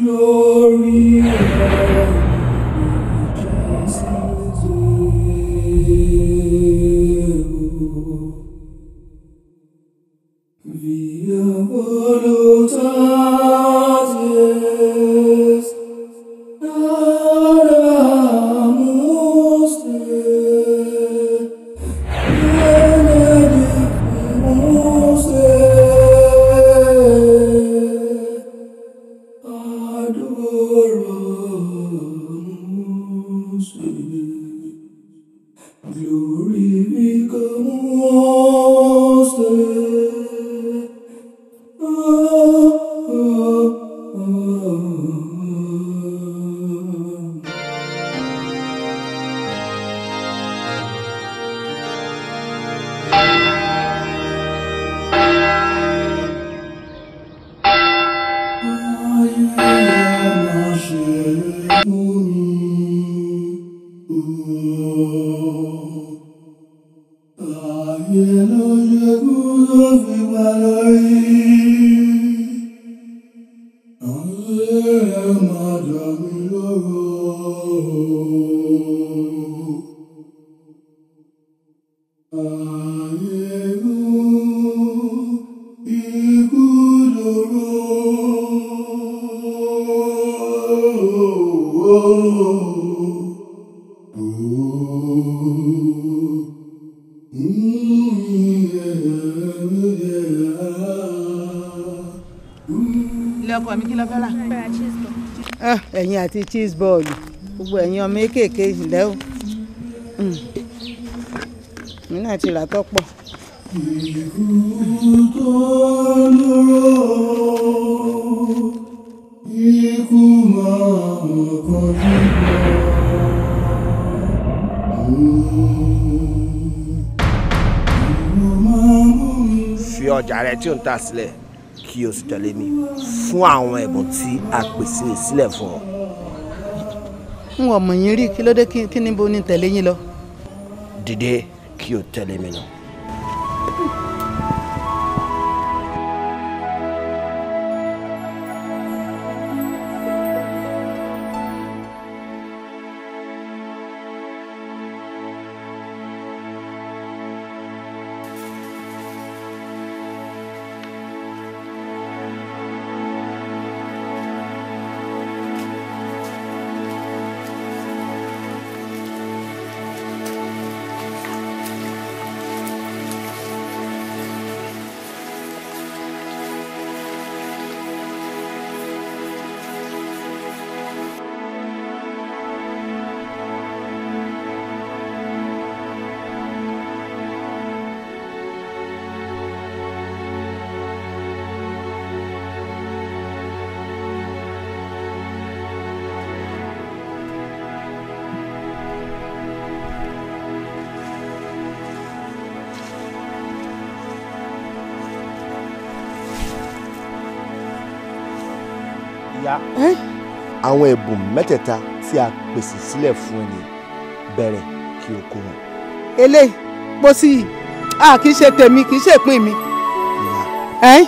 No. cheese ball gbogbo ẹ̀yin ọmọ kéékèèké ìlẹ́ o hmm. mi náà ti rà tọ́pọ̀. ikú tó lóró ikú máa kọjú bọ̀. fi ọjà rẹ tí ò ń tà sílẹ̀ kí o sì tẹ̀lé mi fún àwọn ẹ̀bùn tí a pèsè sílẹ̀ fún ọ n ò mọ̀ yín rí kí ló dé kí ni bo ni tẹ̀lé yín lọ. dìde kí o tẹ̀lé mi lọ. àwọn ẹ̀bùn mẹ́tẹ̀ẹ̀ta tí a pèsè sílẹ̀ fún ẹni bẹ̀rẹ̀ kí o kó wọn. eléyìí bó sì yìí a kì í ṣe tèmi kì í ṣe ìpín mi. ìyá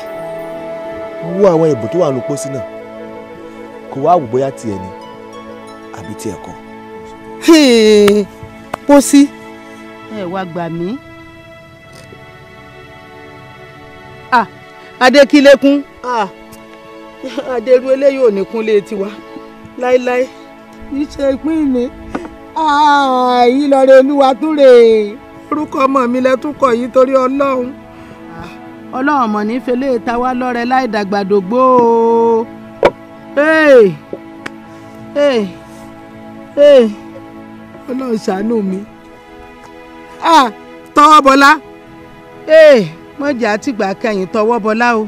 wo àwọn ẹ̀bùn tó wà ní pósí náà kó wá wò bóyá tiẹ̀ ni àbí tiẹ̀ kọ́. pósí ẹ wá gbà mí. adékílékún adérú eléyìí ò ní kún létí wa láéláé iṣẹ́ ìpín mi ah, yìí lọ́rẹ́ olúwa tún rè é orúkọ ọmọ mi lẹ́tún kọ̀ yìí torí ọlọ́run. Ah, ọlọ́run mọ̀ ní fẹlẹ́ ta wá lọ́rẹ láì dàgbàdògbò o. ọlọ́run ṣàánú mi. Ah, tọwọ́ bọlá. mọ̀jà àtìgbà kẹyìn tọwọ́ bọlá o.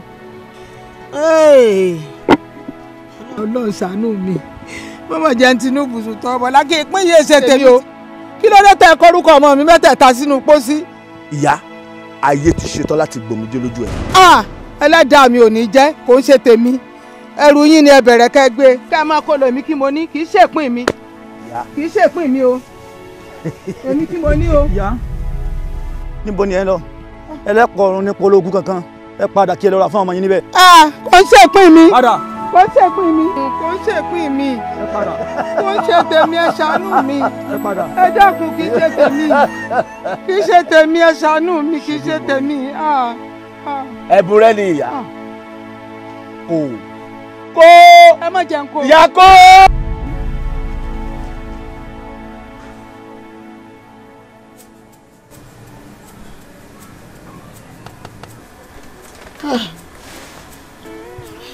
ọlọ́run ṣàánú mi. Hey mọ̀mọ́ jẹ́ Tinubu sùtọ́ bọ́lá kí ìpín yìí ṣe tèmi o kí ló dé tẹ kọ́rúkọ ọmọ mi mẹ́tẹ̀ẹ̀ta sínú pósí. ìyá ayé ti ṣetán láti gbòmùdé lójú ẹ. ẹlẹ́dàá mi ò ní jẹ́ kó ń ṣe tèmi ẹrù yín ni ẹ bẹ̀rẹ̀ kẹ́ gbé kẹ́ ẹ máa kó lọ èmi kí mo ní kì í ṣèpín mi kì í ṣèpín mi o èmi kí mo ní o. níbo ni ẹ lọ ẹlẹ́kọ̀ọ́rùn ní polówó kankan ẹ padà kí ẹ lọ ra fún ọmọ yín níbẹ̀. kò ń ṣèpín mi. padà kò ń ṣèpín mi. kò ń ṣèpín mi. ẹ padà. kò ń ṣe tèmi ẹ ṣàánú mi. ẹ padà. ẹ dákun kì í ṣe tèmi kì í ṣe tèmi ẹ ṣàánú mi kì í ṣe tèmi. ẹ̀bùn rẹ ni ìyá kò kó ẹ má jẹun kó ìyá kó. Ah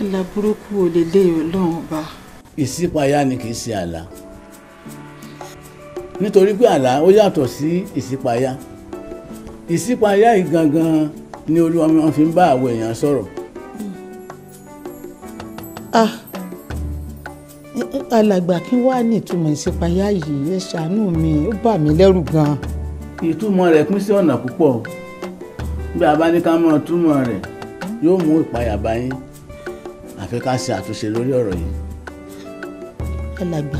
àlá burúkú ò lè lé ọlọ́run ọba. ìṣípayá ni kì í ṣe àlá nítorí pé àlá ó yàtọ̀ sí ìṣípayá ìṣípayá yìí gangan ni olúwa wọn fi ń bá àwọn èèyàn sọ̀rọ̀. ah alàgbà kí wá ní ìtumọ̀ ìṣípayá yìí ẹ ṣàánú mi ó bà mí lẹ́rù gan-an. ìtumọ̀ rẹ̀ pín sí ọ̀nà púpọ̀ bí a bá ní ká mọ̀ túmọ̀ rẹ̀ yóò mú ìpayà bá yín àfi ká ṣe àtúnṣe lórí ọ̀rọ̀ yìí. alàgbà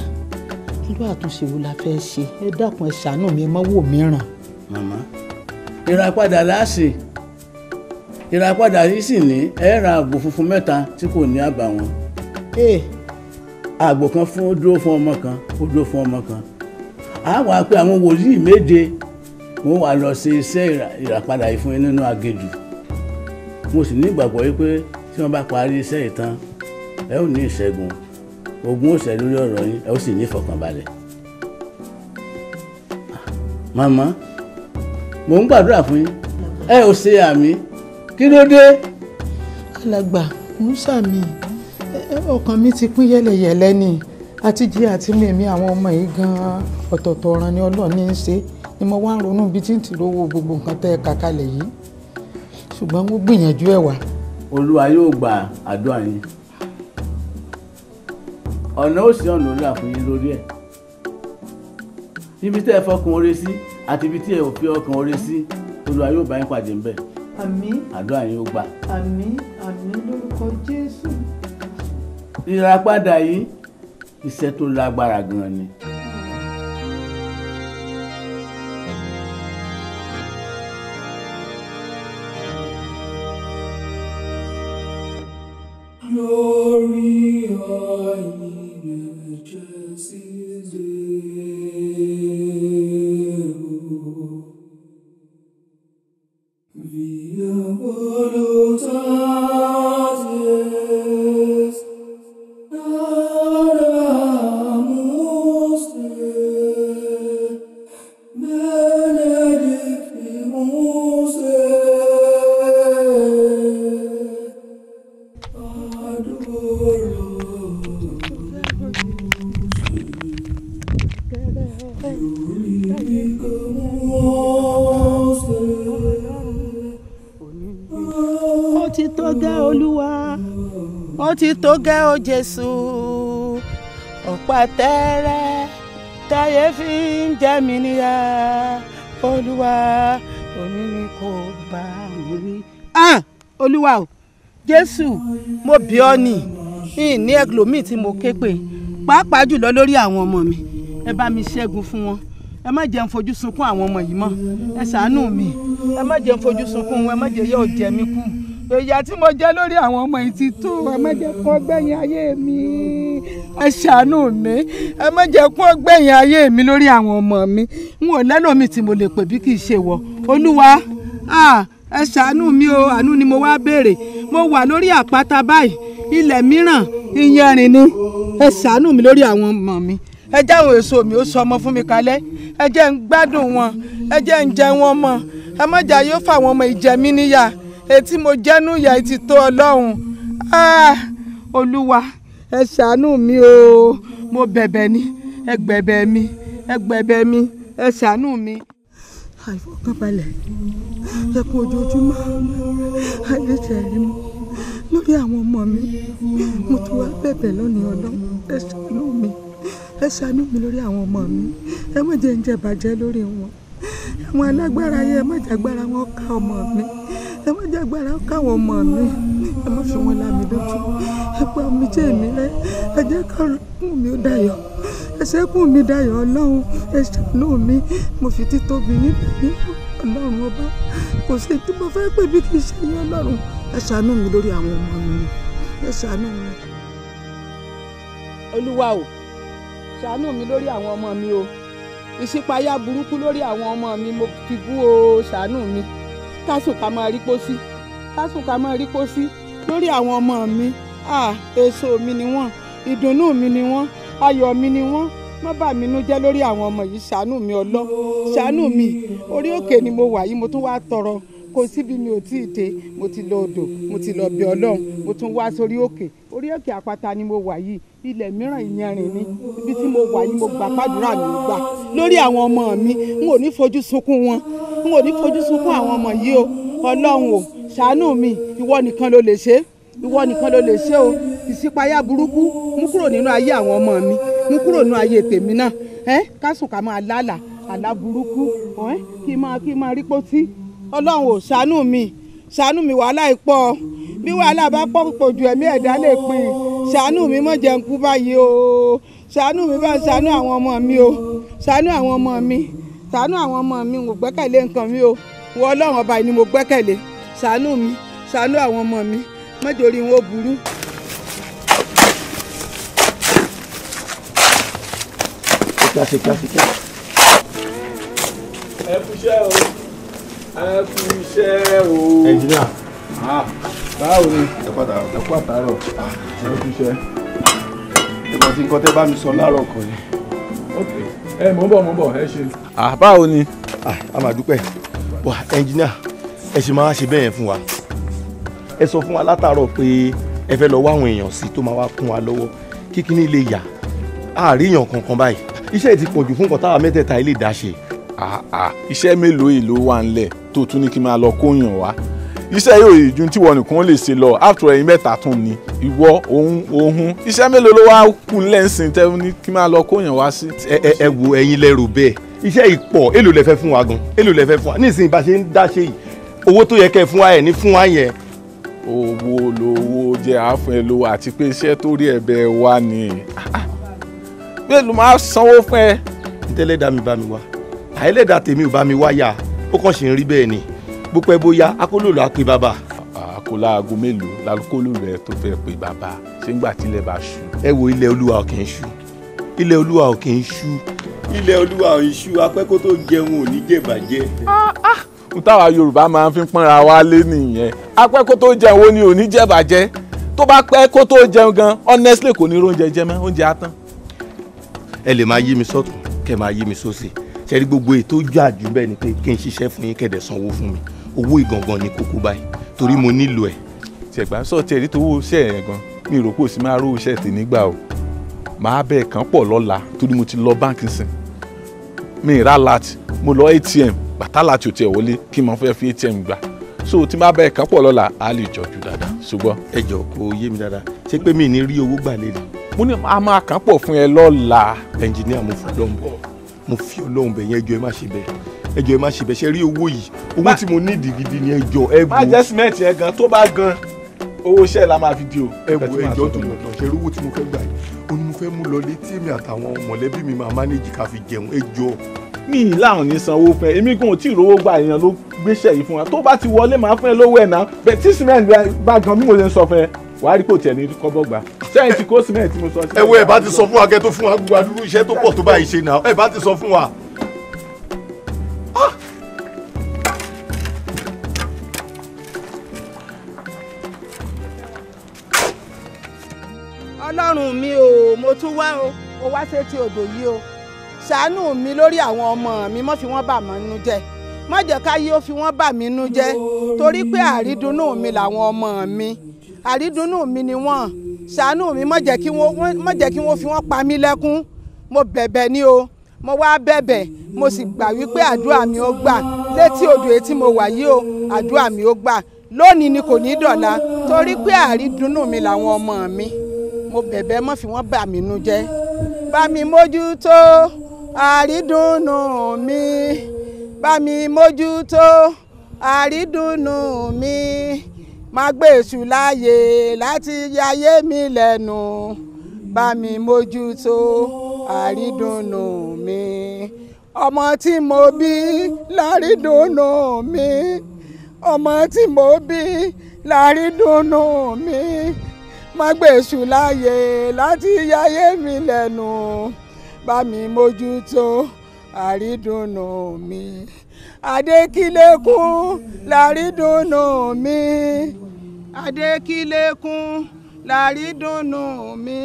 irú àtúnṣe wo la fẹ́ ṣe ẹ dákun ẹ ṣàánú mi ẹ má wò mìíràn. màmá ìràpadà láàṣì ìràpadà yìí sì ní ẹ ra àgbò funfun mẹ́ta tí kò ní àbàwọ́n. àgbò kan fún ó dúró fún ọmọ kan ó dúró fún ọmọ kan a wà pé àwọn wòlíì méje wọ́n wá lọ ṣe iṣẹ́ ìràpadà yìí fún yín nínú agéjù mo sì ní ìgbàgbọ́ yìí pé tí wọ́n bá parí iṣẹ́ ìtàn ẹ ó ní ìṣẹ́gun ogun òṣè lórí ọ̀rọ̀ yín ẹ ó sì ní ìfọkànbalẹ̀. màmá mò ń gbàdúrà fún yín ẹ ò ṣe àmì kí ló dé. alàgbà musa mi ọkàn mi ti pín yẹlẹyẹlẹ ni àti jí àti mímí àwọn ọmọ yìí gan-an ọ̀tọ̀ọ̀tọ̀ ọ̀ràn ni ọlọ́ọ̀ ní í ṣe ni mo wá ń ronú bíi tí ń tì lówó gbogbo nǹkan tẹ́ ẹ kà kalẹ̀ yìí ṣùgbọ́n mo gbìyànjú ẹ̀ wá olúwa yóò gba àdúrà yín ọ̀nà ó sì ọ̀nà ńlá fún yín lórí ẹ̀ ibi tẹ́ ẹ fọkàn oore sí àti ibi tí ẹ ò fi ọkàn oore sí olúwa yóò bá yín pàdé ńbẹ̀ àdúrà yín ó gbà. àmín àmín lórúkọ jésù. ìràpadà yìí iṣẹ́ tó lágbára gan-an ni. tó gẹ́ ó Jésù ọ̀pá tẹ́rẹ́ táyé fi ń jẹ mí níyà olúwa òní ni kò bá òun wí. olúwa o Jésù mo bí ọ ní ìní ẹgbẹ̀lómìn tí mo ké pè pàápàá jùlọ lórí àwọn ọmọ mi ẹ bá mi ṣẹ́gun fún wọn ẹ má jẹ́ ń fojú sunkún àwọn ọmọ yìí mọ́ ẹ ṣàánú mi ẹ má jẹ́ fojú sunkún wọn ẹ má jẹ́ yóò jẹ mí kú ìyà tí mo jẹ lórí àwọn ọmọ yìí tó ẹ má jẹ́ kó gbẹ̀yìn ayé mi ẹ ṣàánú mi ẹ má jẹ́ kó gbẹ̀yìn ayé mi lórí àwọn ọmọ mi n ò lẹ́nu mi tí mo lè pè bí kì í ṣe wọ olúwa ẹ ṣàánú mi o àánú ni mo wá béèrè mo wà lórí àpáta báyìí ilẹ̀ mìíràn iyanrìn ni ẹ ṣàánú mi lórí àwọn ọmọ mi ẹ jẹ́ àwọn èso mi ó sọmọ fún mi kalẹ̀ ẹ jẹ́ ń gbádùn wọn ẹ jẹ́ ń jẹ wọn mọ́ ẹ má jẹ́ àyè ó fà wọn ọmọ ìjẹ mi níyà etí mo jẹ́nu ìyá etí tó ọlọ́run ah, olúwa ẹ ṣàánú mi o mo bẹ̀bẹ̀ ni ẹ gbẹ̀bẹ̀ mi ẹ gbẹ̀bẹ̀ mi ẹ ṣàánú mi. àìfọkànbalẹ̀ ẹkún ojoojúmọ́ ayé tẹ̀lé mi lórí àwọn ọmọ mi mo ti wá bẹ̀bẹ̀ lónìí ọlọ́run ẹ ṣàánú mi ẹ ṣàánú mi lórí àwọn ọmọ mi ẹ má ń jẹ bàjẹ́ lórí wọn àwọn alágbára yẹn ẹ má wọn ká ọmọ mi ẹ má jẹ́ agbára káwọn ọmọ mi ẹ má fi wọn lámì lójú ẹ pa omi jẹ́ mi rẹ ẹ jẹ́ ká kún mi ó dayọ̀ ẹ ṣẹ́kùn mi dayọ̀ ọlọ́run ẹ ṣàánú mi mo fi títóbi yín bẹ̀yìn ọlọ́run ọba kò sí tí mo fẹ́ pè bí kì í ṣe yín ọlọ́run ẹ ṣàánú mi lórí àwọn ọmọ mi ẹ ṣàánú mi. olúwa o ṣàánú mi lórí àwọn ọmọ mi o ìṣípayá burúkú lórí àwọn ọmọ mi mo fi bú o ṣàánú mi ká sùn ká máa rí pósí ká sùn ká máa rí pósí lórí àwọn ọmọ mi èso mi ni wọ́n ìdùnnú mi ni wọ́n ayọ̀ mi ni wọ́n má bà mí nú lórí àwọn ọmọ yìí ṣàánú mi ọlọ́ ṣàánú mi orí òkè ni mo wà yìí mo tún wá tọrọ kò síbi mi ò tí ì dé mo ti lọ odò mo ti lọ bẹ ọlọ́run mo tún wá sórí òkè orí òkè àpáta ni mo wà yìí ilẹ̀ mìíràn ìyanrìn ni ibi tí mo wà yìí mo gbà pàdúrà mi gbà lórí àwọn ọmọ mi n ò ní fojú sunkún wọn n ò ní fojú sunkún àwọn ọmọ yìí o ọlọ́run o ṣàánú mi ìwọ nìkan ló lè ṣe ìwọ nìkan ló lè ṣe o ìṣípayá burúkú mú kúrò nínú ayé àwọn ọmọ mi mú kúrò nínú ayé tèmi náà ẹ ká sùn ká máa lálàá àlá burúkú kí máa kí máa rí pósí ọlọ́run ò ṣàánú mi ṣàánú mi wàhálà ìpọ̀ bí wàhálà bá pọ̀ púpọ̀ ju ẹ̀mí ẹ̀dá lè pin ṣàánú mi mọ̀ jẹun kú báyìí o ṣàánú mi bá ṣàánú àwọn ọmọ mi o ṣàánú àwọn ọmọ mi ṣàánú àwọn ọmọ mi mo gbẹ́kẹ̀lé nǹkan mi o wọ ọlọ́run ọba ni mo gbẹ́kẹ̀lé ṣàánú mi ṣàánú àwọn ọmọ mi mọ́jọ́rí wọn ó burú. ṣe kíá ṣe o ẹ kú iṣẹ́ o. ẹnjìnìà. Ah, báwo ni ẹ kú àtàrọ̀. ẹ kú àtàrọ̀ ah, ẹ kú iṣẹ́. ìgbà tí nǹkan ah, a máa dúpẹ́ wà ẹnjìnìà ẹ ṣe máa ṣe bẹ́ẹ̀ yẹn fún wa ẹ sọ fún wa látàárọ̀ pé ẹ fẹ́ lọ wá àwọn èèyàn sí tó máa wá kún wa lọ́wọ́ kíkíní lè yà àríyàn kankan báyìí iṣẹ́ ti pọ̀jù fún nǹkan táwa mẹ́tẹ̀ẹ̀ta ilé ìdá ṣe. iṣẹ́ mélòó èlò wà ńlẹ̀ tó tún ní kí n máa lọ kóyàn wá iṣẹ́ yóò yìí ju tíwọ nìkan lè ṣe lọ after ẹ̀yin mẹ́ta tún ni ìwọ òun òun iṣẹ́ mélòó ló wá kù lẹ́sìn tẹ́ ní kí n máa lọ kóyàn wá sí. ẹ wo ẹ̀yin lẹrù bẹ́ẹ̀ iṣẹ́ yìí pọ̀ èlò lẹ fún wa gan èlò lẹ fún wa nísìnyí bá ṣe ń dáṣe yìí owó tó yẹ kẹ́ fún wa ẹ ní fún wa yẹn owó lówó jẹ àáfún ẹ lówó àti pé iṣẹ́ tó rí ẹ̀bẹ̀ wa ni bẹ́ẹ̀ máa sanwó fún ẹ. ntẹ́lẹ́dà mi bá mi wá àìlẹ́dà tèmi ò bá mi wá yá ó kàn ṣe ń rí bẹ́ẹ̀ ni bó pẹ́ bóyá akólòlò á pe bàbá. àkólá aago mélòó lakólò rẹ tó fẹ́ pe bàbá ṣé ńgbà tilẹ̀ bá ṣú. ẹ wo ilẹ̀ olúwa ò kì í ṣú ilẹ̀ olúwa ò kì í ṣú ilẹ̀ olúwa ò ń ṣú apẹ́kó tó jẹun ò ní jẹ̀bàjẹ́. n táwa yorùbá máa ń fi pọ́nra wa lé nìyẹn apẹ́kó tó jẹun ò ní ò ní jẹ̀bàjẹ́ tó bá pẹ́ kó tó jẹun gan honestly kò ní róúnjẹ jẹ mọ́ oúnjẹ á ẹ lè máa yí mi sọ́tún kẹ́ máa yí mi sósì ṣẹ́rí gbogbo ètò ojú àjú bẹ́ẹ̀ ni pé kí n ṣiṣẹ́ fún yín kẹ̀dẹ̀ sanwó fún mi owó ìgangan ni kókó báyìí torí mo nílò ẹ̀. tẹ̀gbá sọ tẹ̀rí tó wó iṣẹ́ yẹn gan mi rò pé o sì máa rówó iṣẹ́ tì nígbà o màá bẹ́ẹ̀ kàn pọ̀ lọ́la torí mo ti lọ báǹkì sìn mi ì rà láti mo lọ atm bàtà láti ò tiẹ̀ wọlé kí n máa fẹ́ fi atm gbà so tí máa bẹ́ẹ̀ kàn pọ̀ lọ́la á lè jọjú dáadáa ṣùgbọ́n. ẹ jọ kó yé mi dáadáa ṣé pé mi ní rí owó gbà lélẹ̀. mo ní a máa kàn pọ̀ fún ẹ lọ́la. ẹnjìníà mo fọdọ̀ ń mo fi Ọlọ́run bẹ̀ yẹn ẹjọ́ ẹ má ṣe bẹ́ẹ̀ ẹjọ́ ẹ má ṣe bẹ́ẹ̀ ṣe rí owó yìí owó tí mo ní ìdìgidì ni ẹjọ́ ẹ bu. má jẹ́ sìmẹ́ǹtì yẹn gan tó bá gan owó iṣẹ́ la máa fi di o. ẹ bu ẹjọ́ tó lọ náà ṣe rí owó tí mo fẹ́ gbà yìí ó ní mo fẹ́ mú lọ létí èmi àtàwọn mọ̀lẹ́bí mi máa mánéjì ká fi jẹun ẹjọ́. mi ì láwọn ní sanwó fún ẹ èmi gan ò tí ì rówó gbà èèyàn ló gbéṣẹ́ yìí fún wa tó bá ti wọlé máa fún ẹ lówó ẹ̀ náà bẹ́ẹ̀ tí sìmẹ́ǹtì bá gan bí mo ṣe ń sọ fún ẹ wàá rí kò tiẹ̀ ní kọ́bọ̀ gbà sẹ́yìn tí kó sílẹ̀ tí mo sọ sí. ẹ wo ẹ bá ti sọ fún wa kẹ́ tó fún wa gbogbo àdúrú iṣẹ́ tó pọ̀ tó báyìí ṣe náà ẹ bá ti sọ fún wa. ọlọ́run mi ò mo tún wá o mo wá sétí odò yìí o ṣàánú mi lórí àwọn ọmọ mi mọ́ fi wọ́n bà mọ́ nínú jẹ́ mọ́ jẹ́ káyé ó fi wọ́n bà mí nínú jẹ́ torí pé àrídùnnú mi làwọn ọmọ mi àrídùnnú mi ni wọ́n ṣàánú mi má jẹ́ kí wọ́n má jẹ́ kí wọ́n fi wọ́n pa mí lẹ́kún mo bẹ̀bẹ̀ ni o mo wá bẹ̀bẹ̀ mo sì gbà wípé àdúrà mi ó gbà létí odò etí mo wà yìí o àdúrà mi ó gbà lónìí ni kò ní dọ̀la torí pé àrídùnnú mi làwọn ọmọ mi mo bẹ̀bẹ̀ má fi wọ́n bà mí nú jẹ́ bá mi mójútó àrídùnnú mi bá mi mójútó àrídùnnú mi má gbé èṣù láàyè láti yayé mi lẹ́nu bá mi mójútó àrídùnnú mi ọmọ tí mo bí lárídùnnú mi ọmọ tí mo bí lárídùnnú mi má gbé èṣù láàyè láti yayé mi lẹ́nu bá mi mójútó àrídùnnú mi. Adékìlékún làrídùnnú mi. Adékìlékún làrídùnnú mi.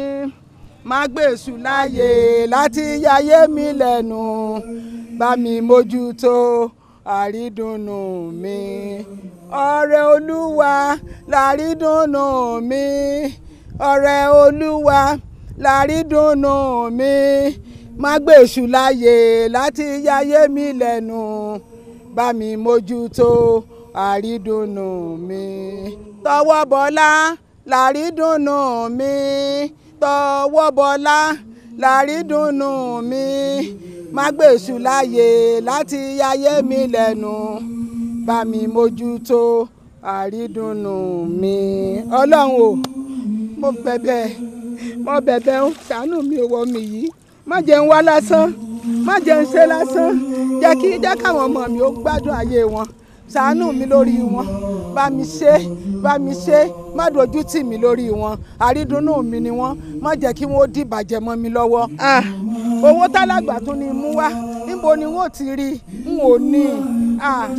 Má gbèsù láyè láti yáyé mi lẹ́nu. Bá mi mójútó àrídùnnú mi. Ọrẹ Olúwa làrídùnnú mi. Ọrẹ Olúwa làrídùnnú mi. Má gbèsù láyè láti yáyé mi lẹ́nu bá mi mójútó àrídùnnú mi. tọwọ́ bọ́lá làrídùnnú mi tọwọ́ bọ́lá làrídùnnú mi má gbèsù láàyè láti yáyé mi lẹ́nu bá mi mójútó àrídùnnú mi. ọlọ́run o mo bẹ̀bẹ̀ mo bẹ̀bẹ̀ ń ṣàánú mi ò mi yìí má jẹ́ ń wá lásán má jẹ́ ń ṣe lásán jẹ́ kí jẹ́ káwọn ọmọ mi ó gbádùn ayé wọn ṣàánú mi lórí wọn bá mi ṣe bá mi ṣe má dojú tì mí lórí wọn àrídùnnú mi ni wọn má jẹ́ kí wọ́n dìbàjẹ́ mọ́ mi lọ́wọ́. owó tálágbà tún ni mú wá níbo ni wọ́n ti rí n ò ní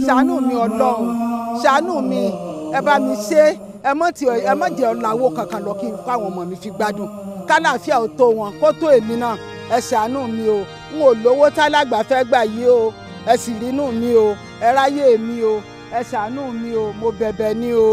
ṣàánú mi ọlọ́run ṣàánú mi ẹ bá mi ṣe ẹ mọ tí ẹ mọ jẹ ọlàwọ kankan lọ kí n pa ọmọ mi fi gbádùn kálàáfíà ó tó wọn kó tó èmi náà ẹ ṣàánú mi o n ò lówó tálàgbà fẹ́ gbà yìí o ẹ sì rínú mi o ẹ ráyè mi o ẹ ṣàánú mi o mo bẹ̀bẹ̀ ni o.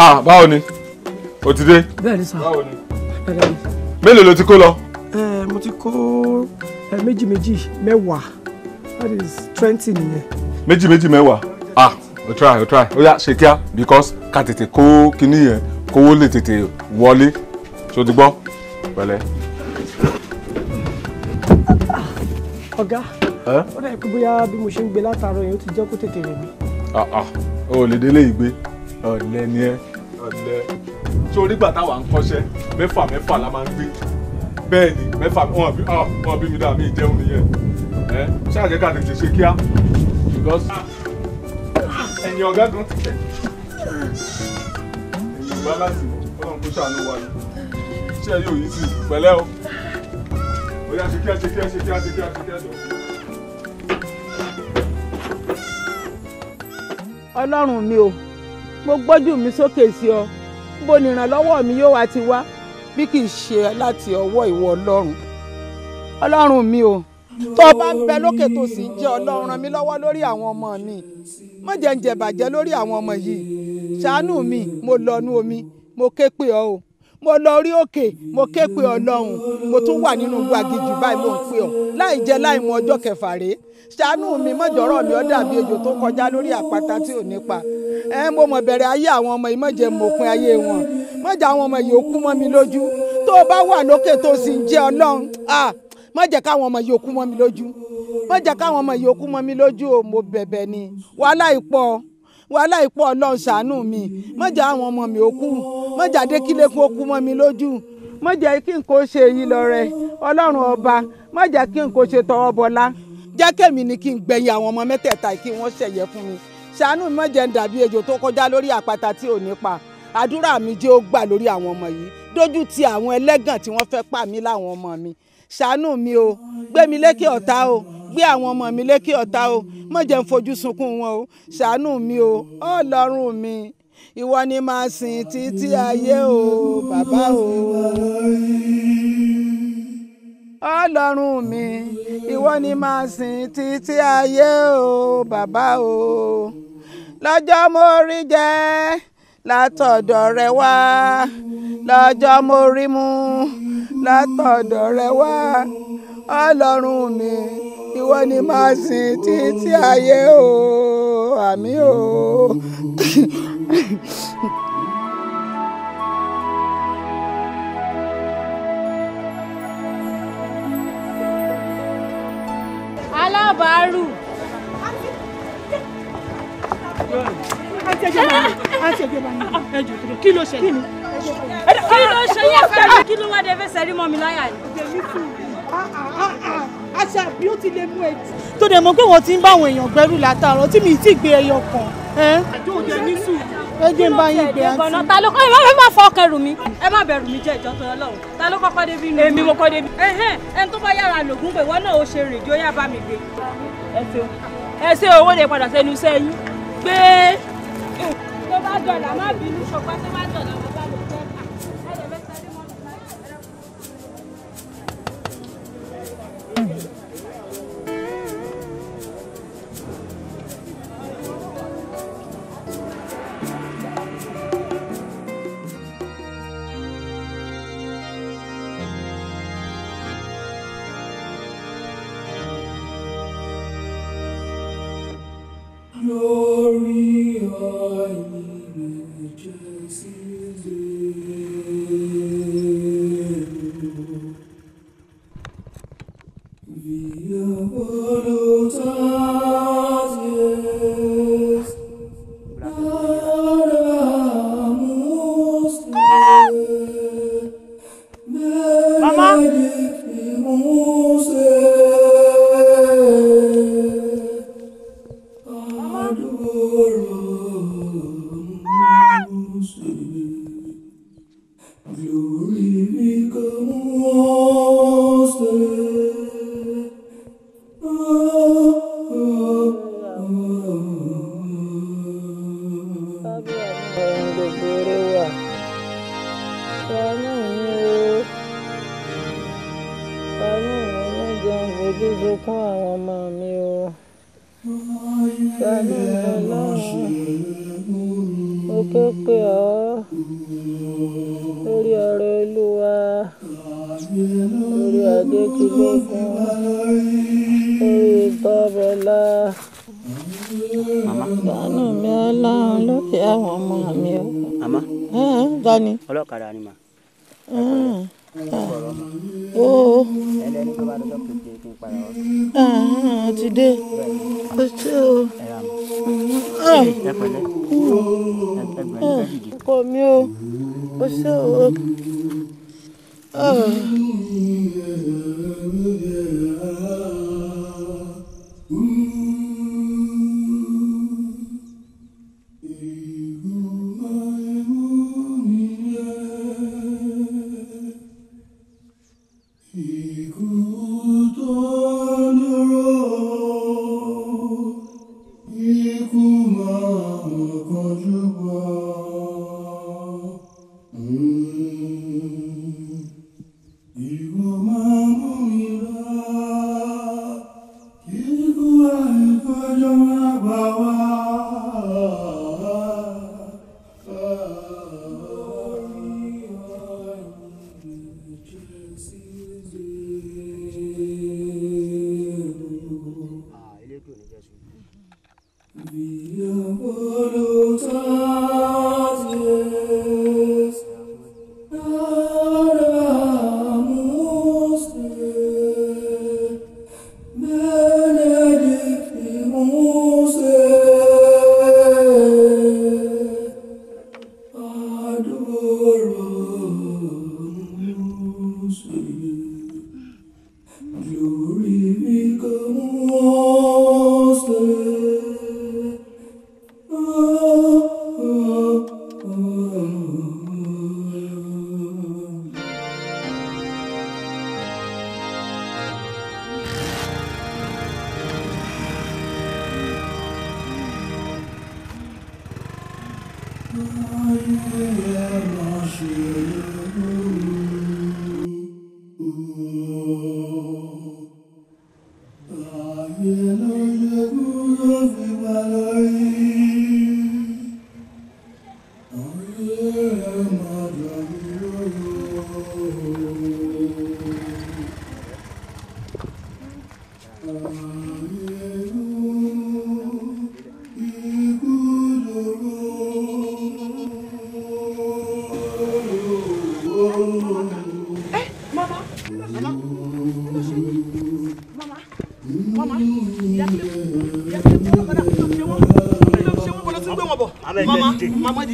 ah báwo ni o ti dé. bẹ́ẹ̀ni sá báwo ni. bẹ́ẹ̀ni. mélòó ló ti kó lọ. ẹ mo ti kó méjì méjì mẹ́wàá that is twenty nìyẹn. méjì méjì mẹ́wàá ah o try o try Oya yá ṣe kíá because ká tètè kó kinní yẹn kówó lè tètè wọlé ṣó ti gbọ́ pẹ̀lẹ́. ọ̀gá ó dà bí bóyá bí mo ṣe ń gbé látàárọ̀ yẹn ó ti jẹ́ kó tètè rẹ̀ mí. Ah, ah, o ò lè délé ìgbé ọ̀lẹ ni ẹ ọ̀lẹ sórí gbà táwa ń kọ́ṣẹ́ mẹ́fà mẹ́fà la máa ń gbé bẹ́ẹ̀ ni mẹ́fà wọn ah, bí mi dá mi jẹun nìyẹn ẹ ṣáà jẹ́ ká tètè ṣe kíá because ẹ̀yin ọ̀gágun ti tẹ̀ ẹ̀yin ìgbà láti ọlọ́run tó ṣàánú wa ni ṣé ẹ yóò yí sí pẹ̀lẹ́ o ó yá ṣe kíá ṣe kíá ṣe kíá ṣe kíá ṣe kíá jọ. ọlọ́run mi o mo gbójú mi sókè sí ọ bó ni ìrànlọ́wọ́ mi yóò wá ti wá bí kì í ṣe láti ọwọ́ ìwọ ọlọ́run ọlọ́run mi o tó o bá ń bẹ lókè tó sì jẹ́ ọlọ́run ràn mí lọ́wọ́ lórí àwọn ọmọ mi má jẹ́ ń jẹ bàjẹ́ lórí àwọn ọmọ yìí ṣàánú mi mo lọ́nu omi mo ké pè ọ́ o mo lọ rí òkè mo ké pe ọlọ́run mo tún wà nínú gbàgìjì báyìí mo ń pe ọ̀ láì jẹ láì mu ọjọ́ kẹfà rèé ṣàánú mi mọ́jọ́rọ́ mi ó dàbí ejò tó kọjá lórí àpáta tí ò nípa ẹ mo mọ̀ bẹ̀rẹ̀ ayé àwọn ọmọ yìí mọ̀jẹ̀ mọ̀pin ayé wọn mọ̀jẹ̀ àwọn ọmọ yìí ó kú mọ́ mi lójú tó o bá wà lókè tó o sì ń jẹ́ ọlọ́run mọ̀jẹ̀ káwọn ọmọ yìí ó kú mọ́ mi lójú mọ̀jẹ̀ káwọn ọmọ yìí ó kú mọ́ mi lójú o mo bẹ̀bẹ̀ ni wàhálà ìpọ̀ wàhálà ìpọ̀ ọlọ́run ṣàánú mi mọ̀jà àwọn ọmọ mi ó kú mọ̀jà adékílẹ́kùn ó kú mọ́ mi lójú mọ̀jà kí n kò ṣe èyí lọ rẹ ọlọ́run ọba mọ̀jà kí n kò ṣe tọwọ́ bọlá jákèmí ni kí n gbẹ̀yìn àwọn ọmọ mẹ́tẹ̀ẹ̀ta kí wọ́n ṣẹ̀yẹ fún mi ṣàánú mi mọ̀jẹ̀ ń dàbí ejò tó kọjá lórí àpáta tí ò ní pa àdúrà mi jẹ́ ó gbà lórí àwọn ọmọ yìí dójú ti àwọn ẹlẹ́gàn tí wọ́n fẹ́ pa mí láwọn ọmọ mi ṣàánú mi o gbé mi lékè ọ̀tá o gbé àwọn ọmọ mi lékè ọ̀tá o má jẹ́ n fojú sunkún wọn o ṣàánú mi o ọlọ́run mi ìwọ ni màá sìn títí ayé o bàbá o. ọlọ́run mi ìwọ ni màá sìn títí ayé o bàbá o lọ́jọ́ mo rí jẹ́ látọ̀dọ̀ rẹ wá lọ́jọ́ mo rí mú látọ̀dọ̀ rẹ wá ọlọ́run mi ìwọ ni màá sìn títí ayé o àmì o. alábàárù. Good àti ẹjọ́ bá ní àti ẹjọ́ bá ní ẹjọ́ tó kí ló ṣẹlẹ̀. kí ló ṣẹlẹ̀ pẹ̀lú kí ló wá dé fẹsẹ̀ rí mọ́ mi láyà ni. Ah, ah, ah, àṣà bí ó ti lè mú ẹ jù. tó dẹ̀ mọ̀ pé wọ́n ti ń bá àwọn èèyàn gbẹ́rù látàárọ̀ tí mi ti gbé ẹyọ kan. àjọ òde ní sùúrù ẹ jẹ́ ń bá yín gbé àǹtí. ta ló kọ́ ẹ má fọ ọkàn rù mí. ẹ má bẹ̀rù mi jẹ́ ìjọ tó ọlọ́run ta ló kọ́kọ́ débi inú. èmi mo kọ́ débi. ẹni tó bá yára lògùn pé wọ́n náà ó ṣe rìn jó yá bá mi gbé. ẹ ṣeun ẹ ṣe owó lè padà sẹ́nu sẹ́yìn gbé dọ̀là má bínú ṣọpá tó bá dọ̀là. Today, ti dé o ṣe ah. o. ọkọ mi o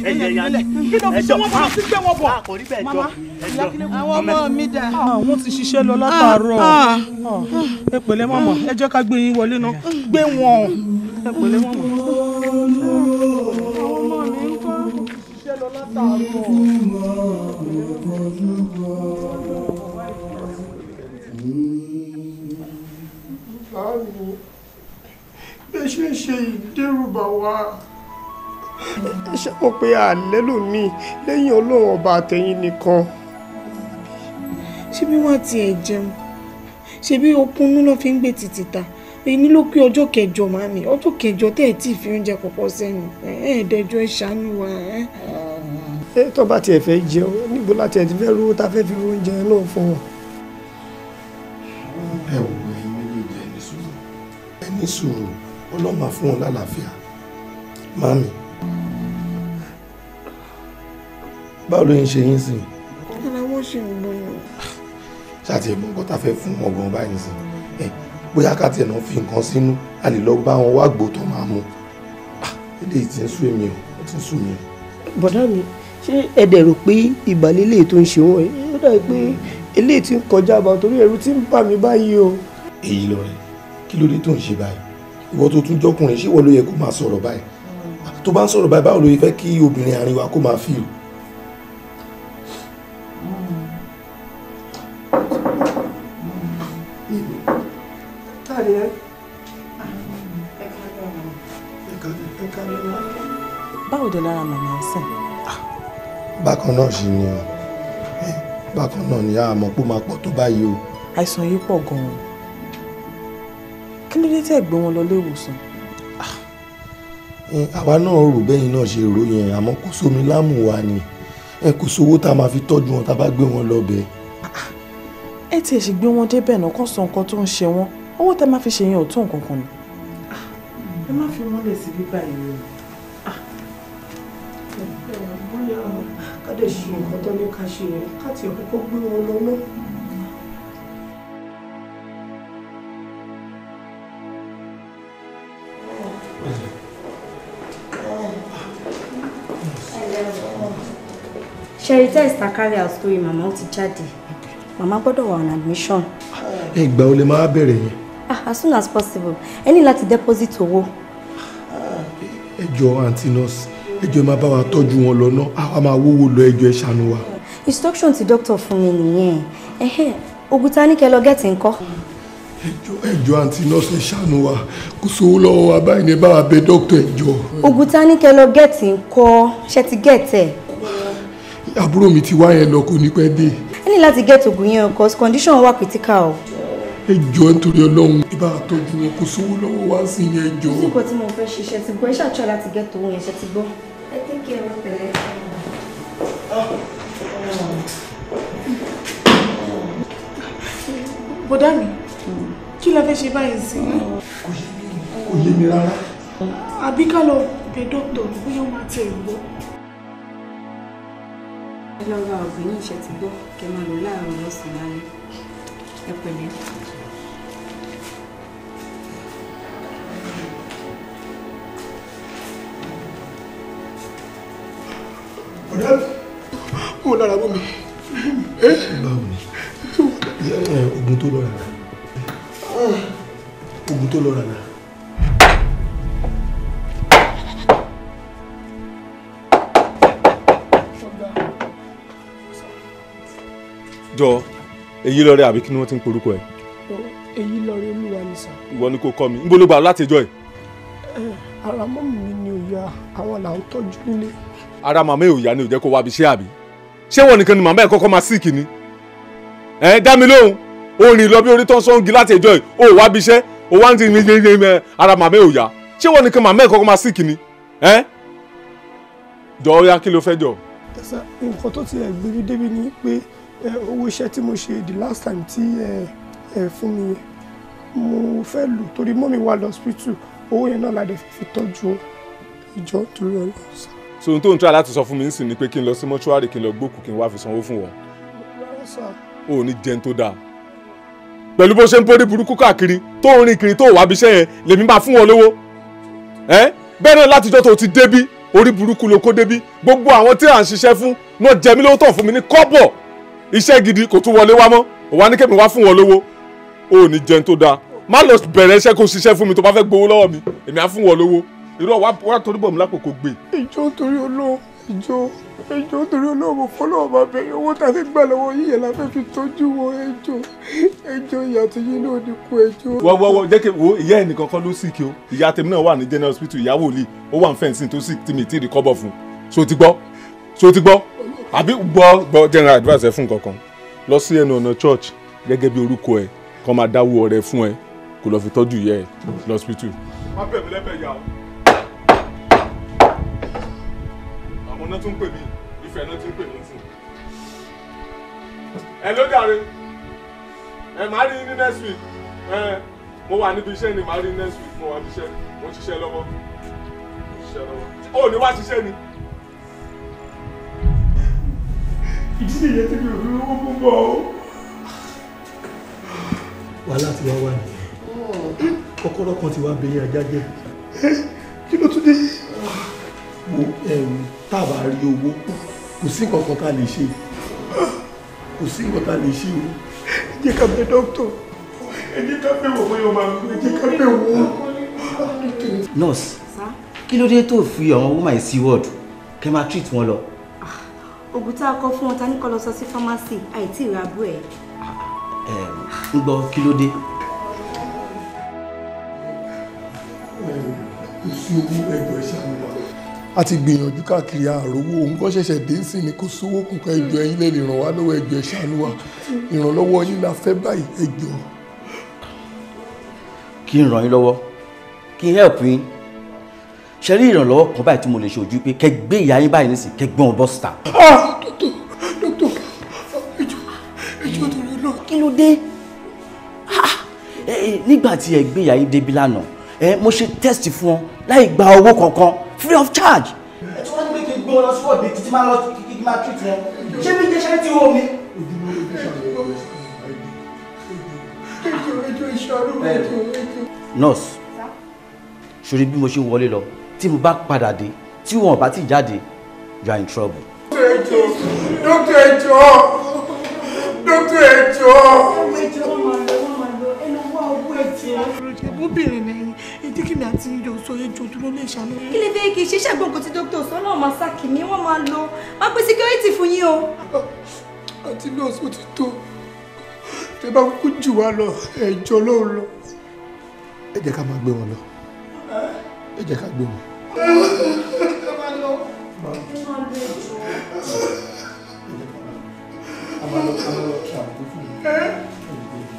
ẹyẹ ya ah, ti ṣiṣẹ́ lọ látàárọ̀ ah, ah. ẹ pẹ̀lẹ́ mama ẹ jẹ́ ká gbé yín wọlé náà gbé wọn ẹ pẹ̀lẹ́ mama. ṣé mo pe àlẹ́ lòmí lẹ́yìn ọlọ́run ọba àtẹ̀yìn nìkan. ṣebí wọ́n ti ẹ̀ jẹun ṣebí okunú ló fi ń gbé títì ta èyí ló pé ọjọ́ kẹjọ màmí ọjọ́ kẹjọ tẹ́ ẹ̀ tí ì fi oúnjẹ kọ̀ọ̀kan sẹ́nu ẹ̀ẹ́dẹ́jọ́ ẹ̀ ṣàánú wa. ṣé tó bá tiẹ̀ fẹ́ jẹun níbo láti ẹ̀ ti fẹ́ rówó tá a fẹ́ fi oúnjẹ náà fún wọn. ẹ wò ó ẹ̀yin méjèèjì ẹni sùúrù ẹni sùúrù ọlọ́mà fún wọn lálàáfíà màmí báwo ló ń ṣe yín sìn. ara wọn ṣì ń gbóyún. ṣáàtì ẹ̀mọ́ nǹkan tá a fẹ́ fún wọn gan báyìí sìn ẹ bóyá ká tiẹ̀ náà fi nǹkan sínú a lè lọ bá wọn wá gbó tó máa mu ah, eléyìí ti ń sú èmi o ti ń sú mi. bọ̀dá mi ṣé ẹ dẹ̀ rò pé ìbàlẹ̀ eléyìí tó ń ṣe wọ́n ẹ̀ ó dàbí pé eléyìí ti ń kọjá àbá torí ẹ̀rù ti ń bà mí báyìí o. èyí lọ rẹ kí ló dé tó ń ṣe báyìí ìwọ tó tún jọkùnrin ṣé ìwọ ló yẹ kó máa sọ̀rọ̀ báyìí ah, tó bá ń sọ̀rọ̀ báwo dé lára màmá ẹsẹ̀. Ah, bákan náà sì ni o bákan náà ni àmọ́ pé ó máa pọ̀ tó báyìí o. àìsàn yìí pọ̀ gan-an kí ló dé tẹ́ gbé wọn lọ ilé ìwòsàn. Ah, àwa náà rò bẹ́yìn náà ṣe rò yẹn àmọ́ kò sómi láàmú wa ni ẹ kò sówó tá a máa fi tọ́jú wọn tá a bá gbé wọn lọ bẹ́ẹ̀. Ah, ẹ tiẹ̀ sì gbé wọn débẹ̀ náà kàn sọ nǹkan tó ń ṣe wọn owó tẹ́ máa fi ṣe yẹn ò tó nǹkan kan ni. ẹ má fi wọn lè sí bíbá o. dẹ̀ ṣe nǹkan tó ní ká ṣe yẹn káti ọ̀kọ́kọ́ gbé wọn lọ náà. ṣẹ́rí test a carry màmá ó ti jáde màmá gbọ́dọ̀ wà on admission. ìgbà wo lè máa bẹ̀rẹ̀ yẹn. Ah, as soon as possible ẹ ní láti deposit owó. ẹ jọ àǹtí nọ́ọ̀sì ẹjọ́ ẹ máa bá wa tọ́jú wọn lọ náà àwa máa wówó lọ ẹjọ́ ẹ ṣàánú wa. instruction ti doctor fún mi nìyẹn ẹhẹn ogun ta ní kẹ lọ gẹ̀ẹ́tì ńkọ́. ẹjọ́ ẹjọ́ àǹtí nọ́ọ̀sì ẹ ṣàánú wa kò sówó lọ́wọ́ wa báyìí ní bá wa bẹ doctor ẹjọ́. ogun ta ní kẹ lọ gẹ̀ẹ́tì ńkọ́ ṣe ti gẹ̀ẹ́tẹ̀. àbúrò mi ti wá yẹn lọ kò ní pẹ́ dé. ẹ láti gẹ̀ẹ́tì ogun yẹn o cause condition wa critical o ẹjọ́ nítorí ọlọ́run ìbá àtọ́jú wọn kò sówó lọ́wọ́ wá sí yẹn ẹjọ́. kí nǹkan tí mo fẹ́ ṣiṣẹ́ ti gbọ́ ẹ ṣáà try láti gẹ́tò owó yẹn ṣe ti gbọ́. ẹ tẹ́ kí ẹ lọ pẹ̀lẹ́. bọ́dá mi kí la fẹ́ ṣe báyìí sí i. kò yé mi rárá. àbí ká lọ bẹ dókítà bóyá ó máa tẹ ẹ̀ gbọ́. ẹ lọ ra ọ̀gbìn ní ìṣẹ́ ti gbọ́ kẹ́ máa lọ láàárọ̀ lọ́sàn-án ẹ pẹ̀lẹ́. ọ̀rẹ́ mi ò lára bọ́ mi. báwo ni oògùn tó lọ rà náà oògùn tó lọ rà náà. jọ èyí lọrẹ àbí kí ni wọn ti ń porúkọ ẹ. èyí lọrẹ olúwa ni sà. ìwọ ni kò kọ mi níbo ló gbà látijọ́ ẹ. ara mọ́mì mi ni òòyà àwọn là ń tọ́jú nílé ara màmá èòyà ni ò jẹ́ kó wá bí ṣé àbí ṣé wọn nìkan ni màmá ẹ̀ kọ́kọ́ máa síìkì ni ẹ̀ dá mi lóhùn ó rìn lọ bí orí tán sọ́ngi láti ìjọ yìí ó wá bí iṣẹ́ ó wá ń ti yẹn yẹn ara màmá èòyà ṣé wọn nìkan màmá ẹ̀ kọ́kọ́ máa síìkì ni ẹ̀ jọ ó yá kí ló fẹ́ jọ. ẹ sá nǹkan tó ti ẹ̀ gbé mi débi ni pé owó iṣẹ́ tí mo ṣe the last time tí ẹ ẹ fún mi yẹn mo fẹ́ lò torí mọ́mì wà lọ́sítítù owó yẹn náà la dẹ̀ fi tọ́jú ìjọ torí ọlọ́sà so ohun tó ń tọ́ láti sọ fún mi nsìn ni pé kí n lọ sí mọ́ṣúárì kí n lọ gbókù kí n wá fi sanwó fún wọn. o ò ní jẹun tó dáa pẹ̀lú bó ṣe ń borí burúkú káàkiri tó ń rìn kiri tó wà bíṣẹ́ yẹn lèmi máa fún wọn lówó ẹ bẹ́ẹ̀ náà látijọ́ tó ti débí orí burúkú ló kó débí gbogbo àwọn tí à ń ṣiṣẹ́ fún náà jẹ mí lówó tó fún mi ní kọ́bọ̀ iṣẹ́ gidi kò tún wọlé wá mọ́ ò wá ní kẹ́mi wá fún wọn lówó o ò ní jẹun tó dáa má lọ bẹ̀rẹ̀ iṣẹ́ kó ṣiṣẹ́ fún mi tó bá fẹ́ gbowó lọ́wọ́ mi èmi á fún wọn lówó irọ́ wa wá torí bọ̀ mí lápò kò gbé. ìjọ torí olóhùn ìjọ ìjọ torí olóhùn mo fọlọ́ ọba bẹ owó tá a ti gbà lọ́wọ́ yìí yẹn la fẹ́ fi tọ́jú wọn ẹjọ ẹjọ ìyá tó yín náà ní kú ẹjọ. wọ́wọ́wọ́ jẹ́ kí wo ìyá ẹ̀ nìkan kọ́ ló sì kí o ìyá tèmi náà wà ní general hospital ìyá wòlíì ó wà ní fẹ́ǹsì tó sì tì mí tí ì rí kọ́bọ̀ fún so ti gbọ́ so ti gbọ́ àbí gbọ́ gbọ́ general advice ẹ fún kankan lọ sí ẹnu ọ̀nà church gẹ́gẹ́ bí orúkọ ẹ kọ́ máa dáwó ọrẹ fún ẹ kó lọ fi tọ́jú ìyá ẹ lọ́sibítù. má bẹ̀rù lẹ́bẹ̀ẹ́ yà ó. òun náà tún pè mí ìfẹ́ náà tún pè mí tì. ẹ ló dàre ẹ máa rí ní next week ẹ mo wà níbi iṣẹ́ ni máa rí next week mo wà níbi iṣẹ́ mo ṣiṣẹ́ lọ́wọ́ mo ṣiṣẹ́ lọ́wọ́ ó ní wá ṣiṣẹ́ ni. ìdí nìyẹn tí mi ò fi owó púpọ̀ o. wàhálà ti wá wà nìyẹn oh. kọ́kọ́rọ́ kan ti wá bẹ̀yìn ajá jẹ́ kí ló tún dé tábà rí owó kò sí nǹkan kan tá a lè ṣe kò sí nǹkan tá a lè ṣe o ẹ jẹ́ ká bẹ dókítà ẹ ká bẹ wò bóyá ọmọ àgbo ká bẹ wò. nurse kí ló dé tó fi àwọn woman yìí sí ward kẹ́ máa treat wọn lọ. Ah, oògùn tá a kọ fún wọn ta ní kó lọ sọ sí pharmacy àìtí ìrabú ẹ. ń gbọ́ kí ló dé. kò sí owó ẹgbẹ̀rún ṣàmùwà a ti gbìyànjú káàkiri àròwó òun kọ́ ṣẹ̀ṣẹ̀ dé sí ni kò sówó kù ká ẹjọ́ ẹ̀yin lè ràn wá lọ́wọ́ ẹjọ́ ìṣàánú wa ìrànlọ́wọ́ yín la fẹ́ báyìí ẹjọ́. kí n ràn yín lọ́wọ́ kí n help yín ṣe rí ìrànlọ́wọ́ kan báyìí tí mo lè ṣe ojú pé kẹ gbé ìyá yín báyìí nísìnyí kẹ gbọ́n bọ́ síta. Ah, dókítà dókítà ẹjọ́ ẹjọ́ tó lọ. kí ló dé ah, eh, eh, nígbà tí ẹ gbé ìyá yín débi lánàá eh, mo ṣe test fún ọ láì gba owó kankan free of charge. ẹ tí wọ́n ní kí n gbé wọn lọ sí wọ́ọ̀dù títí máa lọ kí n máa treat wọn ṣé bí jẹ́ ṣẹ́ ti wọ́n mi. nurse ṣòrí bí mo ṣe wọlé lọ tí mo bá padà dé tí wọn ò bá ti jáde you are in trouble. dókítà ẹjọ́ dókítà ẹjọ́ dókítà ẹjọ́ ọmọbìnrin lẹ́yìn ètí kìmí àti ìjọ sọ ẹjọ tó ló lè ṣàlọ. kí lè fẹ́ kí ṣe ṣàgbọ́n kò tí dókítà sọ náà máa sá wọ́n máa lọ máa pè síkírítì fún yín o. àti nọ́ọ̀sì ó ti tó tẹ bá kúkú jù wá lọ ẹjọ ló ń lọ. ẹ jẹ́ ká máa gbé wọn lọ ẹ jẹ́ ká gbé wọn. ẹ máa lọ ẹ máa lọ ẹjọ. a máa lọ kí àwọn ọkẹ́ àbúkù.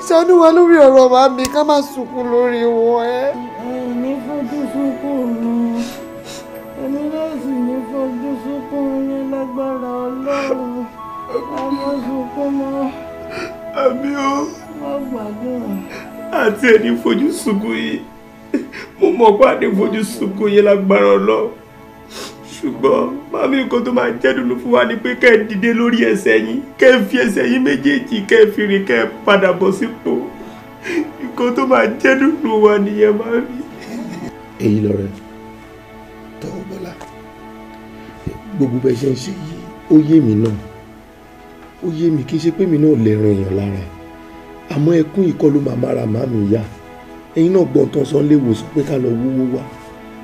ìṣàánú wa lórí ọ̀rọ̀ màmí ká má sunkún lórí wọn ẹ. èmi fojú sunkún mi èmi náà sì ní fojú sunkún mi lágbára ọlọ́run ọmọ sunkún mọ́. àmì o. wọ́n gbàdúrà. àti ẹni fojú sunkún yìí mo mọ̀ pé àdé fojú sunkún yìí lágbára ọlọ́run ṣùgbọ́n mami nǹkan tó máa jẹ́ dùnú fún wa ni pé kẹ́ ẹ dìde lórí ẹsẹ̀ yín kẹ́ ẹ fi ẹsẹ̀ yín méjèèjì kẹ́ ẹ fi rìn kẹ́ ẹ padà bọ̀ sípò nǹkan tó máa jẹ́ dùnú wa nìyẹn màmí. èyí lọrẹ tọwọ bọlá gbogbo bẹ ṣe ń ṣe yìí ó yé mi náà ó yé mi kì í ṣe pé mi náà lè ran èèyàn lára àmọ́ ẹkún ìkọlù màmá màmí yá ẹ̀yin náà gbọ́n tán sọ ń léwòsàn pé ká lọ wúwo wá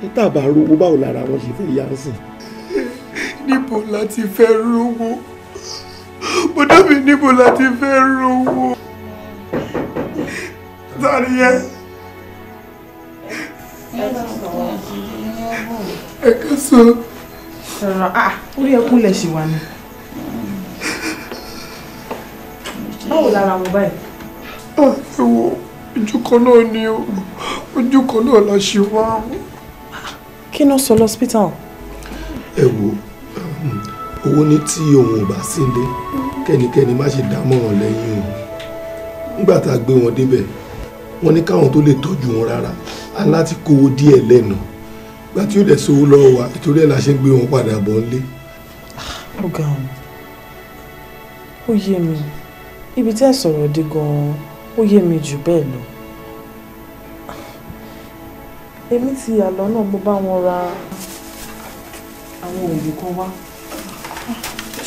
ní tàbá rówó báwo lára wọn ṣe fẹ́ yá ń sìn níbo la ti fẹ́ rówó bọ́dọ̀ mi níbo la ti fẹ́ rówó sáré yẹn. ẹ kà sọ. sọ̀rọ̀ a orí ẹkún lẹ̀ ṣì wà ní. báwo lára wọn báyìí. Ah, ẹ wo ojú kan náà ni o ojú kan náà la ṣe wá. kí ló sọ lọ́sítà. ẹ wo owó ní tí òun ò bá sí ilé kẹ́nikẹ́ni má ṣe dámọ̀ràn lẹ́yìn òun nígbà tá a gbé wọn débẹ̀ wọ́n ní káwọn tó lè tọ́jú wọn rárá a láti kówó díẹ̀ lẹ́nu gbà tí ó dẹ̀ sówó lọ́wọ́ wa ìtorí ẹ̀ la ṣe ń gbé wọn padà bọ̀ nílé. ó ah, ga ó yé mi ibi tẹ́ ẹ̀ sọ̀rọ̀ dé gan-an ó yé mi jù bẹ́ẹ̀ lọ èmi ti àlọ́ náà mo bá wọn ra àwọn òògùn kan wá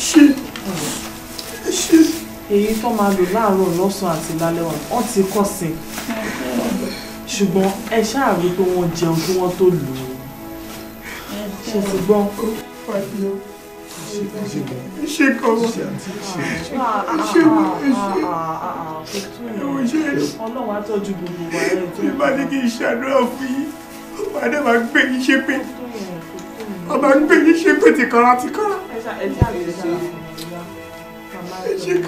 ṣe ṣe. èyí tó máa lò láàárọ̀ lọ́sàn àti lálẹ́ wọn wọ́n ti kọ́ sí i ṣùgbọ́n ẹ ṣáà rí pé wọ́n jẹun kí wọ́n tó lò ó ṣe ti gbọ́. ṣe kọ́ wọ́n ṣe wọ́n ṣe ọlọ́run àtọ́jú gbogbo wa ẹ̀ tó. bí bàdé kì í ṣàdúrà fún yín bàdé máa gbé yín ṣépè ọba gbé yín ṣépè tìkọ́ra tìkọ́ra. Elle est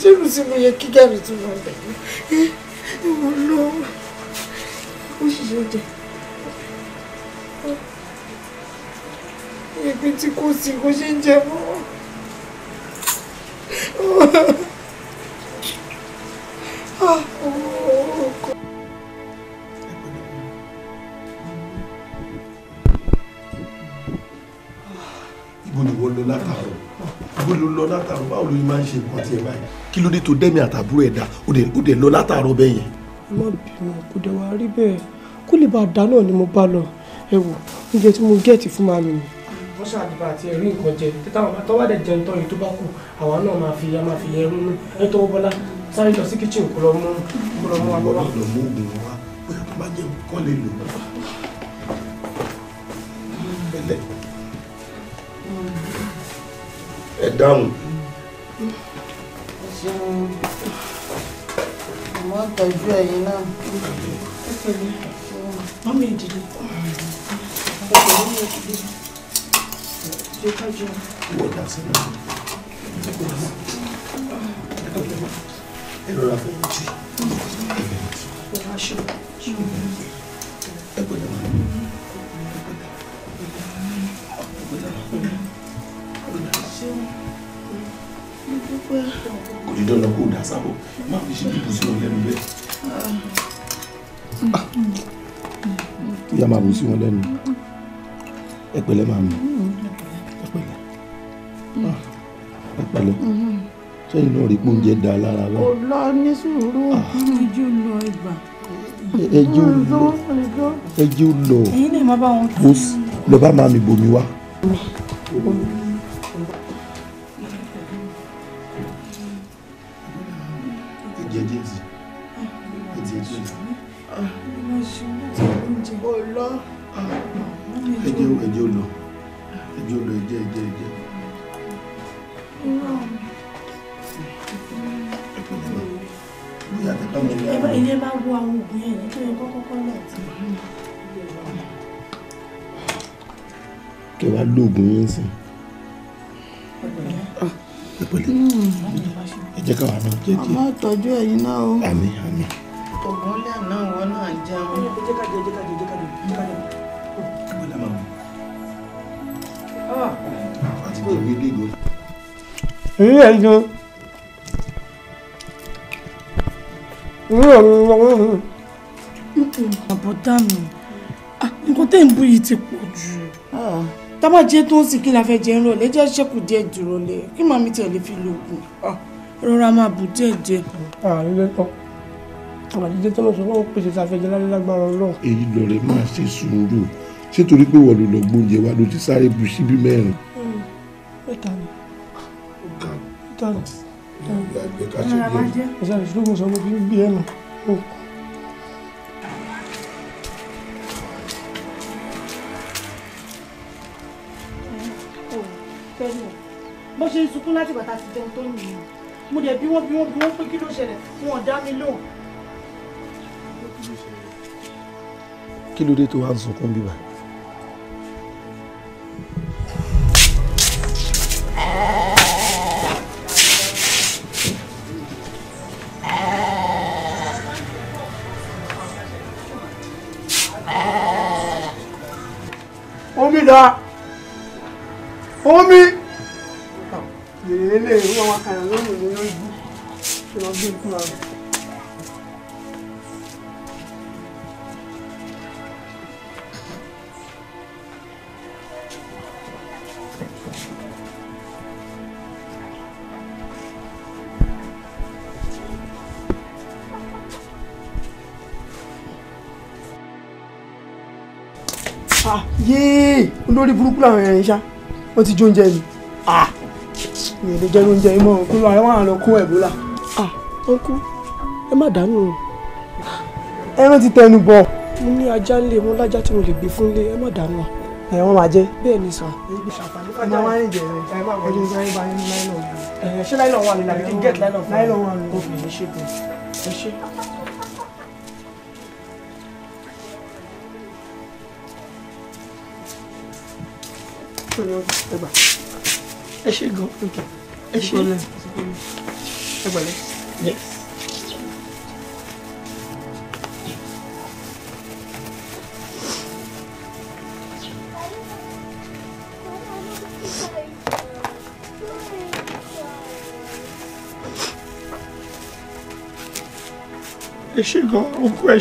Sivyo kijani tu ng'ombe. Eh, oh no. Usishote. Ẹ pé tí kò sí kò ṣe ń jẹ mọ́. tó dẹ́mi àtàbúrò ẹ̀dá ó dẹ̀ lọ látàárọ̀ bẹ́ẹ̀ yẹn. ẹ má bínú kò dẹ̀ wá rí bẹ́ẹ̀ kó lè bá a dáná ni mo bá lọ ẹ wò oúnjẹ tí mo gẹ̀ẹ́tì fún màá mi ni. wọ́n ṣàdìbà àti ẹ̀rí nǹkan jẹ títà wọn tọ́wọ́ dẹ̀ jẹun tán yìí tó bá kù àwa náà máa fi ya máa fi yẹ ronú ẹ tọwọ́ bọ́lá sáré lọ sí kíchìn kó lọ mú kó lọ mú wa lọ́wọ́. lọ mú oògùn wa bóyá tó bá jẹ kọ́ lè lò wá. ẹ dáhùn. wọ́n tọ́jú ẹ̀yin náà. Ìrora fún mi tí. Ìrora ṣe. dọ́là kó dà sábọ̀ má fi ṣe bíbù sí wọn lẹ́nu bẹ́ẹ̀. ìyá máa bù sí wọn lẹ́nu ẹ máa mú ẹ pẹ̀lẹ́ ẹ náà rí pé oúnjẹ da lára wa. kò lọ ní sùúrù ìjú ah. lọ ìgbà. ẹjẹ ò lọ ẹjẹ ò lọ. èyí ni màá bá wọn kí. lọ bá máa mi bomi wá. omi. ju. àbọ̀dá mi nǹkan tẹ́ ń bú yìí ti pọ̀ jù ah. tábà jẹ́ tó ń sìn kí la fẹ́ jẹ́ ń rọ̀lẹ́ jẹ́ ṣẹ́kù díẹ̀ dúró lẹ̀ kí màmí tiẹ̀ lè fi lo oògùn ah, rọra máa bù díẹ̀ díẹ̀. àlejò ah, tán àlejò tán lọ sọ wọn pèsè tá a fẹ́ jẹ lálẹ́ lágbára Ọlọ́run. èyí lọrẹ máa ṣe sùúrù ṣé torí pé wọ́n ló lọ gbóúnjẹ wa ló ti sáré bu síbí mẹ́rin. Hmm tànà. ìyàgbé ká ṣe bí ẹnu. ẹ̀sẹ̀ ìṣòro sọ mo fi ń gbé ẹnu. bó ṣe ń sunkún láti bàtà ti jẹun tó yìn mí mo dẹ̀ bí wọ́n bí wọ́n bí wọ́n pé kí ló ṣẹlẹ̀ wọn ò dá mi lóhùn. kí ló dé tó wá ń sunkún bíbá omi yèrèlélẹ̀ ìwọ wọn kàrà lóhùn ní lójú tí wọ́n gbé fún ọ. Ah, yéé olórí burúkú làwọn èèyàn yìí ṣá wọ́n ti jó oúnjẹ mi ah. mi ò lè jẹ́ oúnjẹ yìí mọ́ o kí ló ara wà lọ kó ẹ̀bólà. ọkú ah, ẹ má dànù o. ẹran ti tẹnu bọ. mo ní ajá ńlé mo lájá tí mo lè gbé fún ilé ẹ má dànù o. ẹ wọn máa jẹ. bẹ́ẹ̀ ni sà. ẹ máa wá ní jẹ rẹ ẹ máa wọlé ìgbà yín bá láìlọ. wà ní làbí kí gẹ̀ẹ́tì láìlọ fún mi. láìlọ wà ní. kò fi ṣe é ṣe C'est bon, eh ben. eh, ok. ṣe c'est bon. C'est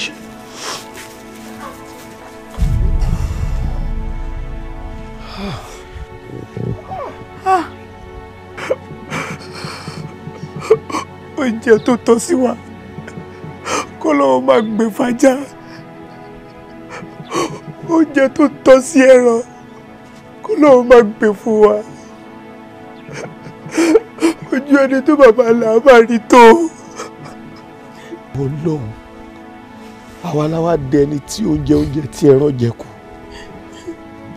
bon, jẹ tó tọ́ sí wa kó lọ́wọ́ máa gbé fàjà oúnjẹ tó tọ́ sí ẹran kó lọ́wọ́ máa gbé fún wa ojú ẹni tó bàbá là máa rí tó. ọlọ́run àwa làwa dẹni tí ó oúnjẹ tí ẹran jẹ kù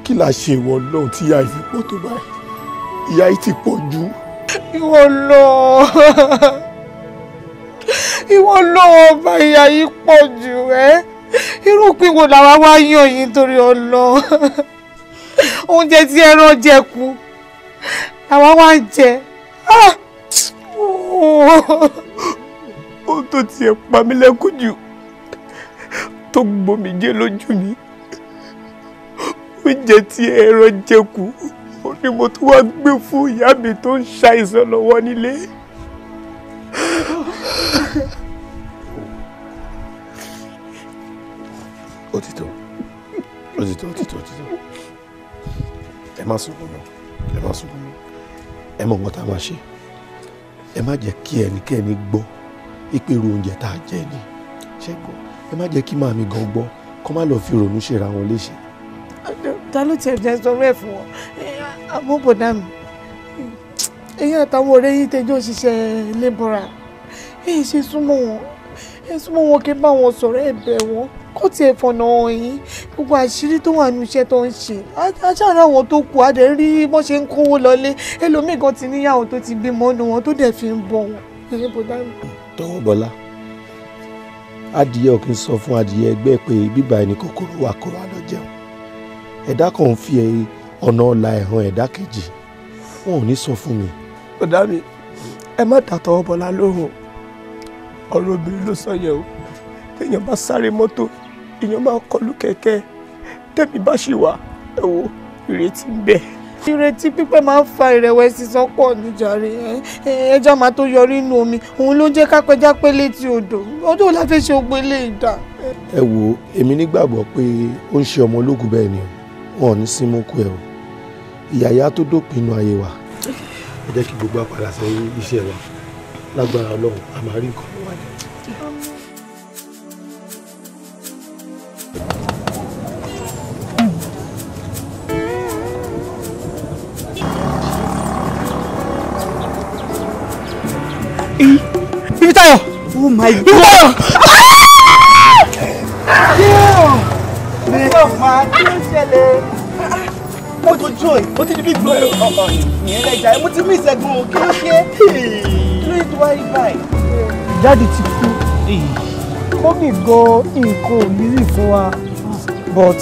kí la ṣe ìwọ ọlọ́run tí ìyá yìí tó báyìí ìyá yìí ti pọ̀ jù. ìwọ lọ ìwọ lọ́wọ́ ọba ìyá yìí pọ̀ jù ẹ́ irú pínwó làwa wá yàn yín torí ọlọ oúnjẹ tí ẹran jẹ kú làwa wá ń jẹ. Ah! ohun tó tiẹ̀ pa mí lẹ́kùn jù tó gbomi jẹ́ lójú mi oúnjẹ tí ẹran jẹ kú ni mo tún wá gbé fún ìyá mi tó ń ṣàìsàn lọ́wọ́ nílé ó ti tó ó ti tó ó ti tó ó ti tó ẹ má sunkún mọ́ ẹ má sunkún mọ́ ẹ mọ̀ nǹkan tá a máa ṣe ẹ má jẹ́ kí ẹnikẹ́ni gbọ́ pípé irú oúnjẹ tá a jẹ ni ṣe gbọ́ ẹ má jẹ́ kí màmí gan gbọ́ kó má lọ fi ronú ṣera wọn léṣe. ta ló tiẹ̀ jẹ́ sọ rẹ̀ fún ọ àmọ́ bọ̀dá mi ẹ̀yin àtàwọn ọ̀rẹ́ yín tẹjọ́ ṣiṣẹ́ lébọ̀rà ẹ̀yin ṣe súnmọ́ wọn ẹ súnmọ́ wọn kí n bá wọn sọ̀rọ̀ ẹ bẹ̀ wọ́n kó tiẹ̀ fọ̀nà yín gbogbo àṣírí tó wà nínú iṣẹ́ tó ń ṣe aṣáájú àwọn tó kù adẹ̀ rí bó ṣe ń kówó lọlé ẹlòmíì kan ti níyàwó tó ti bímọ nu wọn tó dẹ̀ fi ń bọ̀ wọn. tọwọ bọlá adìyẹ ò kì í sọ fún adìyẹ ẹgbẹ́ pé bíbá ẹni kòkòrò wà kó wà lọ jẹun ẹ̀dá kan fi ọ̀nà ọ̀la ẹ̀hàn ẹ̀dá kejì wọn ò ní sọ fún mi ọ̀dà ẹ má dàtọ̀ ọ̀bọ̀lá lóhùn ọ̀rọ̀ obìnrin ló sọ yẹn o èèyàn bá sáré mọ́tò èèyàn bá kọlu kẹ̀kẹ́ tẹ̀mí bá ṣì wà ẹ wo ìrètí ń bẹ. ìrètí pípẹ́ máa ń fa ìrẹ̀wẹ̀sì sọ́pọ̀ níjàre ẹja máa tó yọrí inú omi òun ló jẹ́ kápẹ́já pé létí odò odò la fẹ́ ṣe ogbe lè dà. ẹ wo èmi nígbàgbọ́ pé ó ń ṣe ọmọ ológun bẹ́ẹ̀ ni wọn ò ní símú kú ẹ o ìyàyà tó dópin inú ayé wa. ẹ jẹ́ kí gbogbo apàdà sẹ́yìn iṣẹ́ wa lágbára ọlọ́run a máa rí nǹkan lọ́wọ́ rẹ̀. Ibitayo! Oh my god! Ibitayo! Ibitayo! Ibitayo! Ibitayo! mo tó joy mo ti di bí gbọ́ ìyẹn lẹ́jà mo ti mí ìṣẹ́gun o kí ló ṣe kí ló ti wáyé báyìí. jáde ti kú kóbì gan nǹkan ò ní rí fún wa but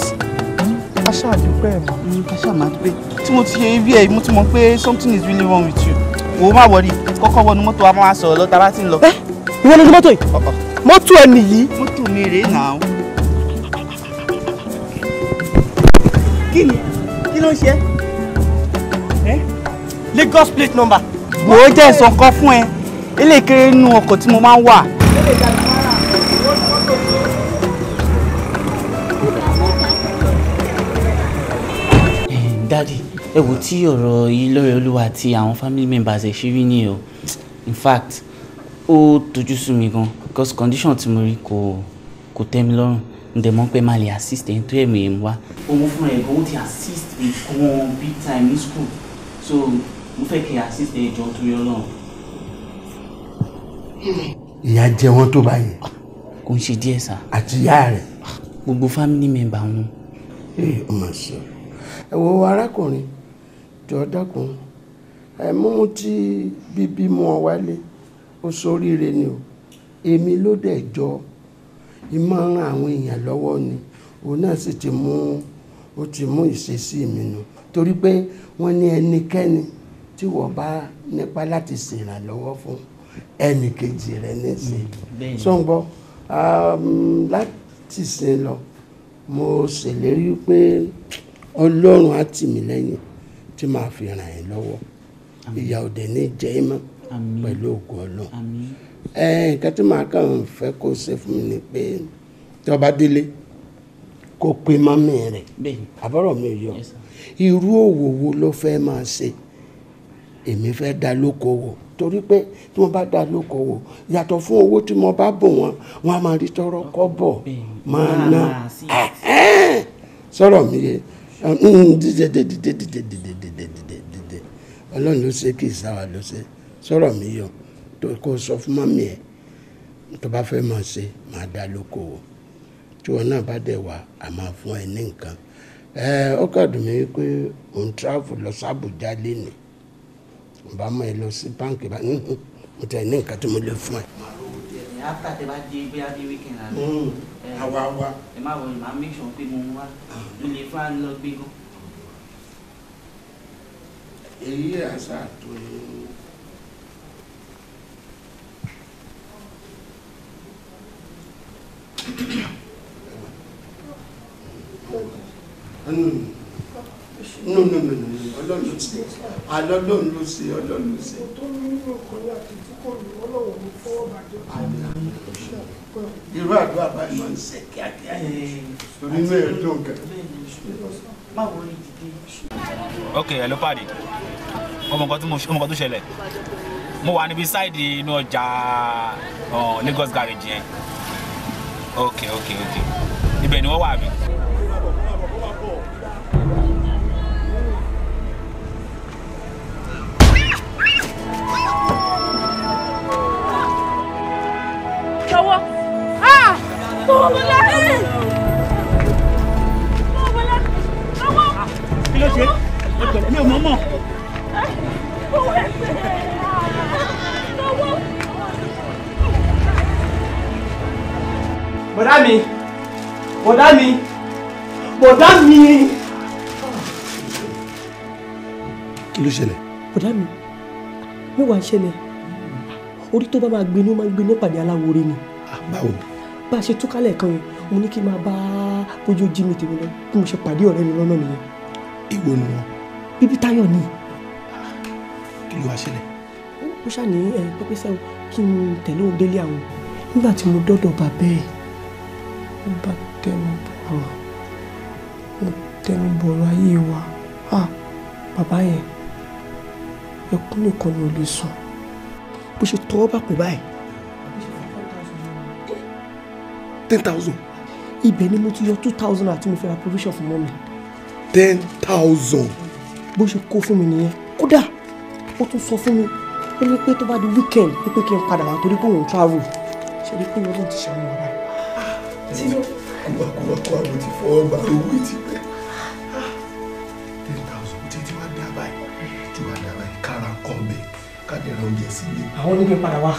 a ṣàdúpẹ́ mi. Mm, a ṣàmàdúpẹ́ tí mo ti ṣe rí ẹ mo ti mọ̀ pé something is really wrong with you òun má wọrí kọ́kọ́ wọnú mọ́tò wa máa sọ̀rọ̀ lọ tá a bá ti ń lọ. ẹ ìwọ lójú mọ́tò yìí mọ́tò ẹ nìyí. mọ́tò mi rèé nà án. kí ni kí ló ń ṣe Lagos plate number. wò ó jẹ́ ìsàn kan fún ẹ ilé kéré nínú ọkọ̀ tí mo máa ń wà. dadi ẹ wò tí ọ̀rọ̀ yìí lọ́rẹ̀ olúwa àti àwọn family members ẹ̀ ṣe rí ni o in fact ó tojú sú mi gan because condition tí mo rí kò kò tẹ́ mi lọ́rùn ndẹ̀mọ́ pé máa lè assist ẹni tó ẹ̀mí ń wá. òun fún ẹ̀ gan ó ti assist mi gan big time ní school so mo fẹ́ kí assist ẹ̀ jọ torí ọlọ́run. ìyá jẹ wọn tó báyìí. kò ń ṣe díẹ̀ sá. àti ìyá rẹ̀. gbogbo family member wọn. ee o máa ṣe ẹ wo arákùnrin jọ dákun ẹ e, mímú tí bíbí mu ọ wálé ó ṣoríire ni o èmi ló dẹ̀ jọ ìmọ̀ràn àwọn èèyàn lọ́wọ́ ni òun náà sì ti mú ó ti mú ìṣesí mi nù torí pé wọ́n ní ẹnikẹ́ni tí wọ́n bá nípa láti ṣèrànlọ́wọ́ fún ẹnì kejì rẹ̀ níṣẹ́ mm, sọ́ngbọ́ láti sìn lọ mo ṣèlérí pé ọlọ́run á tì mí lẹ́yìn tí màá fi ràn yín lọ́wọ́ ìyà òdè ní jẹ́ mọ́ pẹ̀lú ògùn ọlọ. nǹkan tí màá kàn fẹ́ kó ṣe fún mi ni pé tí ọba délé kó pe mọ́mí rẹ̀ àbọ̀rọ̀ mi yọ irú òwò wo ló fẹ́ máa ṣe èmi fẹ́ dá lókòwò torí pé tí wọ́n bá dá lókòwò yàtọ̀ fún owó tí mo bá bò wọ́n wọ́n á máa rí tọ́rọ́ kọ́bọ̀ máa ná ah, eh! sọ̀rọ̀ mi yẹ mm, ọlọ́run ló ṣe kì í sáwà ló ṣe sọ̀rọ̀ mi yọ kó sọ fún mọ́mí ẹ̀ tó bá fẹ́ mọ̀ ṣe máa dá lókòwò tí wọn náà bá dẹ̀ wá a máa fún ẹ ní nǹkan ẹ ó kàdùn mí pé òun tíráfù lọ sí Àbújá lénìí bá mọ̀ ẹ lọ sí báǹkì bá mo tẹ̀ ní nǹkan tí mo lè fún ẹ. Hmm. èyí àṣà tó ń no no no no ọlọ́run ló ṣe ọlọ́run ló ṣe ọlọ́run ló ṣe. irú àdúrà báyìí máa ń ṣe kíákíá nínú ẹ̀ dùn gan. ok hello padi ọmọ nǹkan tó ṣẹlẹ̀ mo wà níbi sáìdì inú ọjà uh, Lagos garage yẹn ok ok ok ibẹ̀ ni wọ́n wà mí. lọ́wọ́ ah bọ́wọ́lá ah, kí ló ṣe é mi ò mọ̀ mọ̀. bọ́wọ́lá ṣe é. bọ̀dá mi bọ̀dá mi bọ̀dá mi. kí ló ṣẹlẹ̀. bọ̀dá mi mẹ́wàá ń ṣẹlẹ̀ orí tó bá máa gbinú máa ń gbinú pàdé aláwòrán ni. Ah, báwo. bá a ṣe túkálẹ̀ kan yẹn mo ní kí n máa bá bójú jí mi tèmi lọ bí mo ṣe pàdé ọ̀rẹ́ mi lọ́nà nìyẹn. èwo ni wọn. ibi táyọ̀ ni. kí ló wá ṣẹlẹ̀. ó ṣàní ẹ pẹ́pẹ́sẹ́ kí n tẹ̀lé òun délé àwọn nígbà tí mo dọ́dọ̀ bàbá ẹ̀ ó bá tẹnu bọ̀rọ̀ ó tẹnu bọ̀rọ̀ ayé wa ah bàbá yẹn ẹkún nìkan ló lè sùn bó ṣe tọwọ́ bá pè báyìí ten thousand ibẹ̀ ni mo ti yọ two thousand àti mo fẹ́ ra provision fún mọ́mi. ten thousand. bó ṣe kó fún mi nìyẹn kódà ó tún sọ fún mi ó ní pé tó bá di weekend pé kí n padà wá torí pé òun travel ṣe ni pé ọlọ́run ti ṣàwọn ọ̀rá tí wákúwákú àwọn ti fọwọ́ bá owó ti pẹ́. ten thousand tí tí wá dá báyìí tí wá dá báyìí kára kọ́ bẹ̀ ká dẹ̀rọ oúnjẹ sílé. àwọn oníkẹ́ padà wá.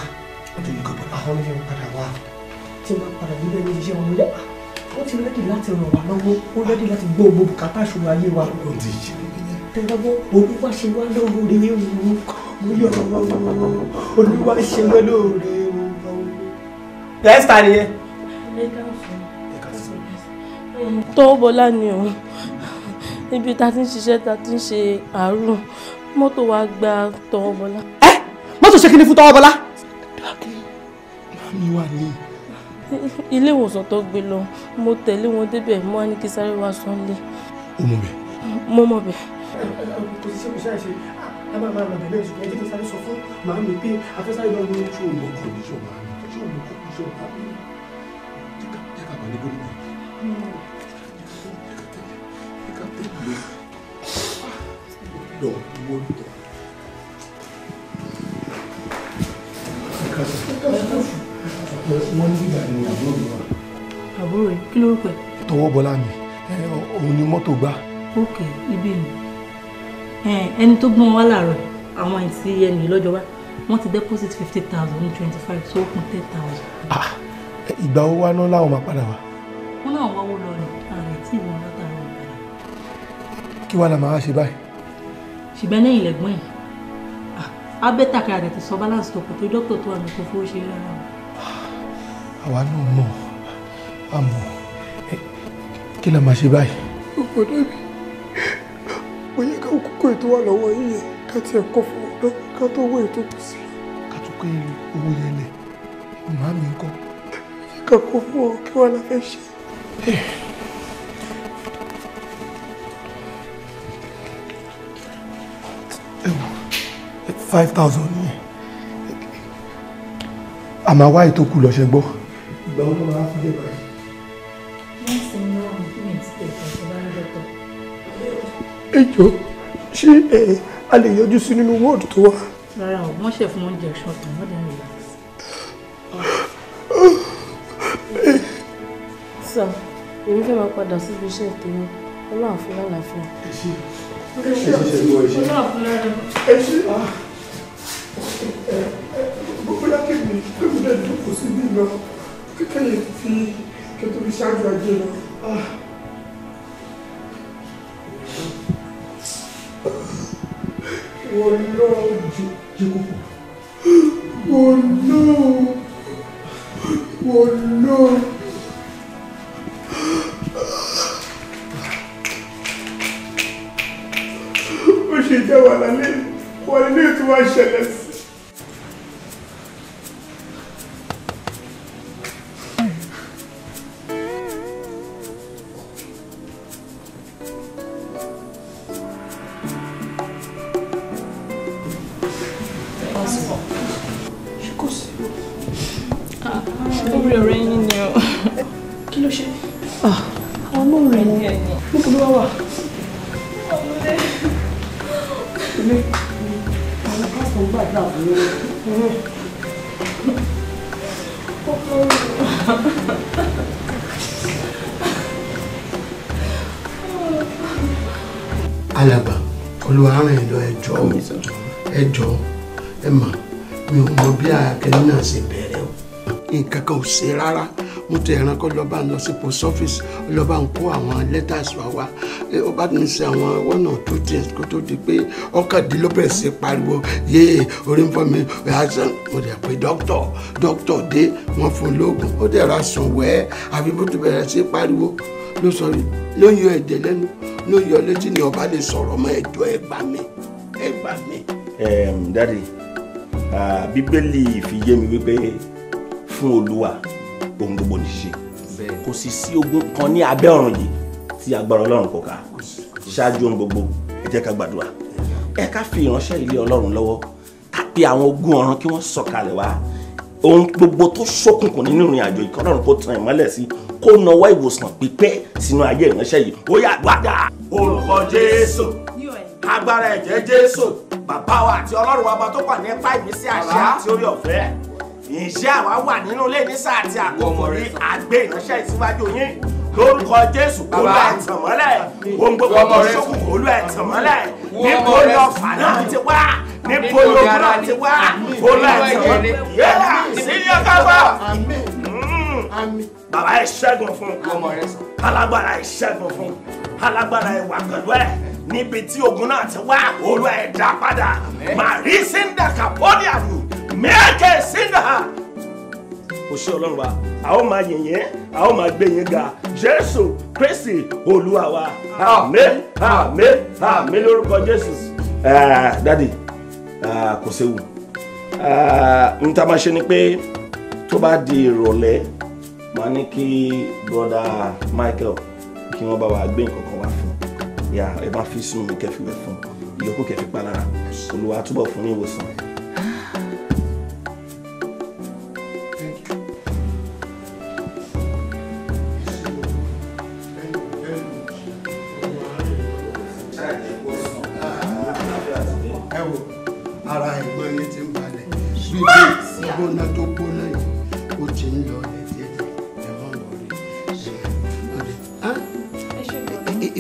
nítorí kò padà. àwọn oníkẹ́ padà wá. tí wọ́n padà bí bẹ́ẹ̀ ní iṣẹ́ wọn lóyá wọ́n ti rẹ́dì láti ràn wá lọ́wọ́ ó rẹ́dì láti gbọ́ gbogbo bùkátà ṣòro ayé wa. ó ti ṣe tẹ́lẹ́gbọ́ olúwa ṣe wá lóore o múlò olúwa ṣe wá lóore o. tẹ́sítà nìyẹn tọ́wọ́ bọ́lá ni o níbi tá a ti ń ṣiṣẹ́ tá a ti ń ṣe àárò mọ́tò wa gba tọ́wọ́ bọ́lá. ẹ mọ́tò ṣe kíni fún tọ́wọ́ bọ́lá. dákẹ́ wà ní. ilé ìwòsàn tó gbé lọ mo tẹ̀lé wọn débẹ̀ mo wá ní kí sáré wá sọ́nlé. o mọ̀ bẹ́ẹ̀. mo mọ̀ bẹ́ẹ̀. kò sí ṣòkòṣà ṣe ẹ máa máa bàbá bẹ́ẹ̀ ṣùgbọ́n ẹ jẹ́ kí sáré sọ fún màmí pé afẹ́sáré lọ́wọ́ ṣòwò kò ní ṣòwò àná ṣòwò kò ní ṣòwò àná. door, one door. wọ́n ní bíbá ni àbúrò mi wà. àbúrò yìí kí ló rò pé. tọwọ́ bọlá ni òun ni mọ́tò gbá. ok ibi ni ẹni tó gbọ́n wá láàárọ̀ àwọn àìsí ẹnì lọ́jọ́ wá wọ́n ti deposit fifty thousand ní twenty five so ó kún ten thousand. ìgbà wo wá náà láwọn máa padà wá. wọ́n náà wá owó lọ ni àrètí ìwọ̀n látara ọ̀gbìn. kí wàá la máa ṣe báyìí ṣùgbọ́n lẹ́yìn lẹ́gbọ́n ẹ̀ abẹ́tà kí adẹ̀ ti sọ balance tó kù tó dókítà tó wà ní kò fowó ṣe rárá o. àwa náà mọ̀ a mọ̀ kí la máa ṣe báyìí. ọkọ dàbí mo yẹ ká kókó ètò wà lọ́wọ́ yín yẹn ká tiẹ̀ kọ́ fún ọ náà ká tó owó ètò kù sí. ká tó pé owó yẹn lẹ̀ màmá mi ń kọ́. ká kọ́ fún ọ kí wàá la fẹ́ ṣe. Eh, five thousand ni àmà wá ètò kù lọ́sẹ̀ gbọ́. ìgbà wo ló máa fi dé báyìí. ẹ jọ̀ọ́ ṣé ẹ a lè yọjú sí nínú wọ́ọ̀dù tó wà. rárá o wọ́n ṣe fún oúnjẹ ṣọ̀tàn wọ́n dẹ̀ ń relax. sọ èmi fẹ́ máa padà síbi iṣẹ́ tèmi ọlọ́run fún lálàáfíà. ẹ ṣe ẹ ṣe ṣe gbọ́ ẹ ṣe. ọlọ́run fún lálàáfíà. ẹ ṣe bóyá kébì kébì náà jókòó sí bí lọ kékeré fi kẹtọ́ ṣáájú ajé lọ. Ah. wọ́n lọ́ọ́ jẹ́ kókó wọ́n Oh no! Ó ṣe jẹ́ wà lálé, wà lálé tí wọ́n ṣẹlẹ̀ sí. Alaba, olùwárìn lọ ẹjọ́ ẹjọ́ ẹ mà mi ò mọ bí akẹ́ni náà ṣe bẹ̀rẹ̀ o nǹkan kan ò ṣe rárá mo tẹ ẹran kọ lọ bá ń lọ sí post office lọ ń kó àwọn letters wa wá ó bá ní ṣe àwọn one or two things kó tó di pé ọkàndínlọ́bẹ̀ ṣe pariwo yéé orí ń fọ́ mi ẹ̀hásán mo dẹ̀ pé dókítọ̀ dókítọ̀ dé wọ́n fún lóògùn ó dẹ̀ ra sùn wẹ́ẹ́ àfi bó ti bẹ̀rẹ̀ sí pariwo ló sọ ni ló yọ ẹ̀jẹ̀ lẹ́nu ló yọ létí ni ọba lè sọ̀rọ̀ mọ́ ẹ̀jọ́ ẹ gbà mí ẹ gbà mí. dádì bíbélì fi yé mi wípé fún olúwa ohun gbogbo ní ṣe kò sì sí ogun kan ní abẹ́ ọ̀run yìí tí agbára ọlọ́run kò ká ṣáájú ohun gbogbo ẹ jẹ́ ká gbàdúrà ẹ ká fi ìránṣẹ́ ilé ọlọ́run lọ́wọ́ ká pe àwọn ogun ọ̀run kí wọ́n sọ̀kalẹ̀ wá ohun gbogbo tó ṣókùnkùn nínú ìrìn àjò ìkọlọ́run kó tan ìmọ́lẹ̀ sí kó nawọ́ ìwòsàn pípẹ́ sínú ayé ìránṣẹ́ yìí ó yá gbàdá. orúkọ jésù agbára ẹ̀jẹ̀ jésù bàbá wa àti ọlọ́run wa bá tó wà nípa ìmísí àṣà àti orí ọ̀fẹ́ ìṣẹ́ àwa wà nínú ilé nísà àti àkọ́mọ̀rí àgbé ìránṣẹ́ ìsíwájú yín lórúkọ jésù olú ẹ̀tàn mọ́lẹ̀ ohun gbogbo ọmọ ṣókùn olú ẹ̀tàn mọ́lẹ̀ níbo ni ọ̀fà náà ti wá níbo ni ogun náà ti wá olú ẹ̀tàn mọ́lẹ̀ yẹ́n sí yẹ́n fún un bàbá ẹ ṣẹ́gun fún un alágbára ẹ ṣẹ́gun fún un alágbára ẹ wà pẹ̀lú ẹ níbi tí ogun náà ti wá olú ẹ dá padà màrí síndà kàpọ́dì àrùn mẹ́ẹ̀kẹ́ síndà òṣè ọlọ́run wa a ó máa yìn yín a ó máa gbé yín ga jésù kristi olúwa wa àmín àmín àmín lórúkọ jésù. dadi kò séwu n ta máa ṣe ni pé tó bá di ìrọ̀lẹ́ máa ní kí broda Michael kí wọ́n bá wa gbé nǹkan kan wá fún yà ẹ má fi sùn mi kẹfì wẹ̀ fún ìyókù kẹfì palára Olúwa túbọ̀ fún ní ìwòsàn. ara ẹ̀gbọ́n yẹn ti ń balẹ̀ gbígbó ah! gbóná tó gbóná yìí ó ti ń lọ ẹ̀.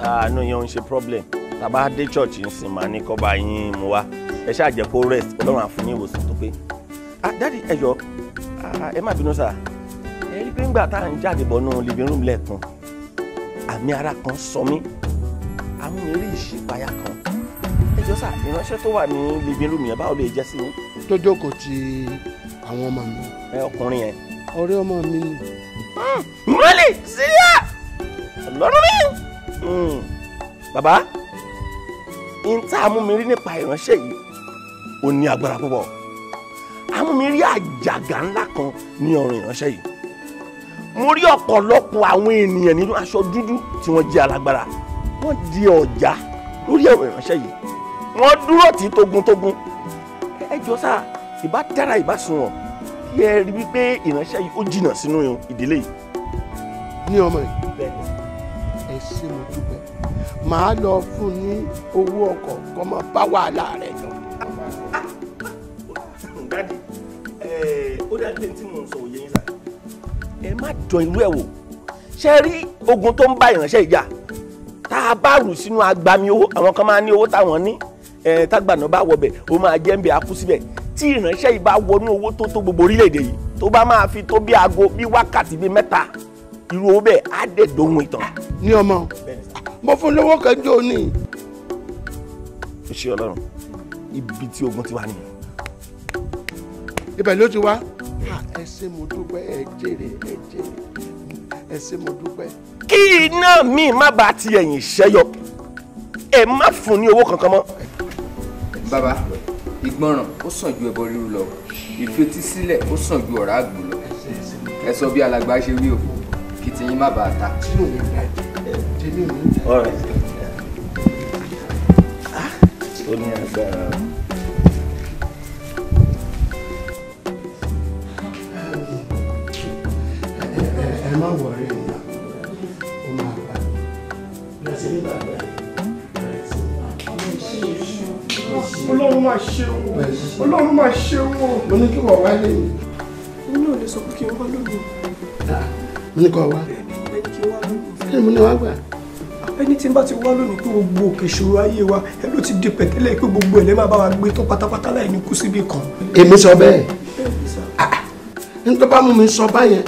àánú yẹn ń ṣe problem tàbá dé church ń sìn máa ní kọ́ba yín mu wá ẹ ṣáà jẹ́ kó rest ọlọ́run àfún ní ìwòsàn tó pé ah dáàdi ẹ jọ ah, ẹ má bínú sà ẹ rí pé ńgbà tá à ń jáde bọ̀ nù living room lẹ́ẹ̀kan àmì ara kan sọ mí àwọn eré ìṣípayá kan ẹ jọ sà ìránṣẹ́ tó wà ní living room yẹn báwo lè jẹ́ sí yín. tó jókòó ti àwọn ọmọ mi. ẹ ọkùnrin yẹn. ọ̀rẹ́ ọmọ mi ni. Hmm, mọ́lẹ̀ sílẹ̀ lọ́rùn mi. Hmm. bàbá n tá a mú mi rí nípa ìránṣẹ́ yìí ó ní agbára púpọ̀ a mú mi rí àjàgà ńlá kan ní ọrùn ìránṣẹ́ yìí mo rí ọ̀pọ̀lọpọ̀ àwọn ènìyàn nínú aṣọ dúdú tí wọ́n jẹ́ alágbára wọ́n di ọ̀já lórí ẹ̀rọ ìránṣẹ́ yìí wọ́n dúró tì í togun-togun ẹ jọ sá ìbá dára ìbá sunwọ̀n kí ẹ rí wípé ìránṣẹ́ yìí ó jìnnà sínú ìdílé yìí. ní ọmọ yìí màá lọ fún ní owó ọkọ̀ kó máa bá wàhálà rẹ̀ lọ. dádì ó dádì tí mò ń sọ òye yín sá. ẹ má jọ irú ẹ̀ wò ṣe rí ogun tó ń bá ìránṣẹ́ ìjà tá a bá rù sínú agbami owó àwọn kan máa ní owó táwọn ní tágbàná bá wọbẹ̀ ó máa jẹ́ ń bẹ akú síbẹ̀ tí ìránṣẹ́ yìí bá wọnú owó tó tó gbogbo orílẹ̀ yìí tó bá máa fi tó bí aago bí wákàtí bí mẹ́ta irú owó bẹ́ẹ̀ á dẹ̀ dohun ìtàn. ní ọmọ mo fún lówó kẹjọ ni. iṣẹ́ ọlọ́run ibi tí ogun ti wá nìyẹn. ibẹ̀ ló ti wá ẹ ṣé mo dúpẹ́ ẹ jèrè ẹ jèrè ẹ ṣé mo dúpẹ́. kí iná mi má bàa ti ẹ̀yìn ṣẹ́yọ ẹ má fún ní owó kankan mọ́. bàbá ìgbọràn ó sàn ju ẹbọ rírú lọ ìfetísílẹ̀ ó sàn ju ọ̀rá àgbò lọ ẹ sọ bí alàgbà ṣe wí o kí tiyín má bàa ta. All right. Ó ní agbára. Ẹ má wọrí ìyá, ó máa bá. Lẹ́sí nígbà bẹ́ẹ̀. Ọlọ́run máa ṣeun o, Ọlọ́run máa ṣeun o. Mo ní kí wọ́n wá lé mi. Mo náà lè sọ pé kí n wá lónìí. Ah, mo ní kí wọ́n wá. Mo ní kí wọ́n wá lónìí. Kí ni mo ní wá gbà? tí n bá ti wá lónìí pé gbogbo òkè ìṣòro ayé wa ẹ ló ti di pẹ̀tẹ́lẹ̀ pé gbogbo ẹ̀ lẹ́ máa bá wa gbé tó pátápátá láì ní kú síbi kan. èmi sọ bẹ́ẹ̀ ah, ah. n tó mi sọ báyẹn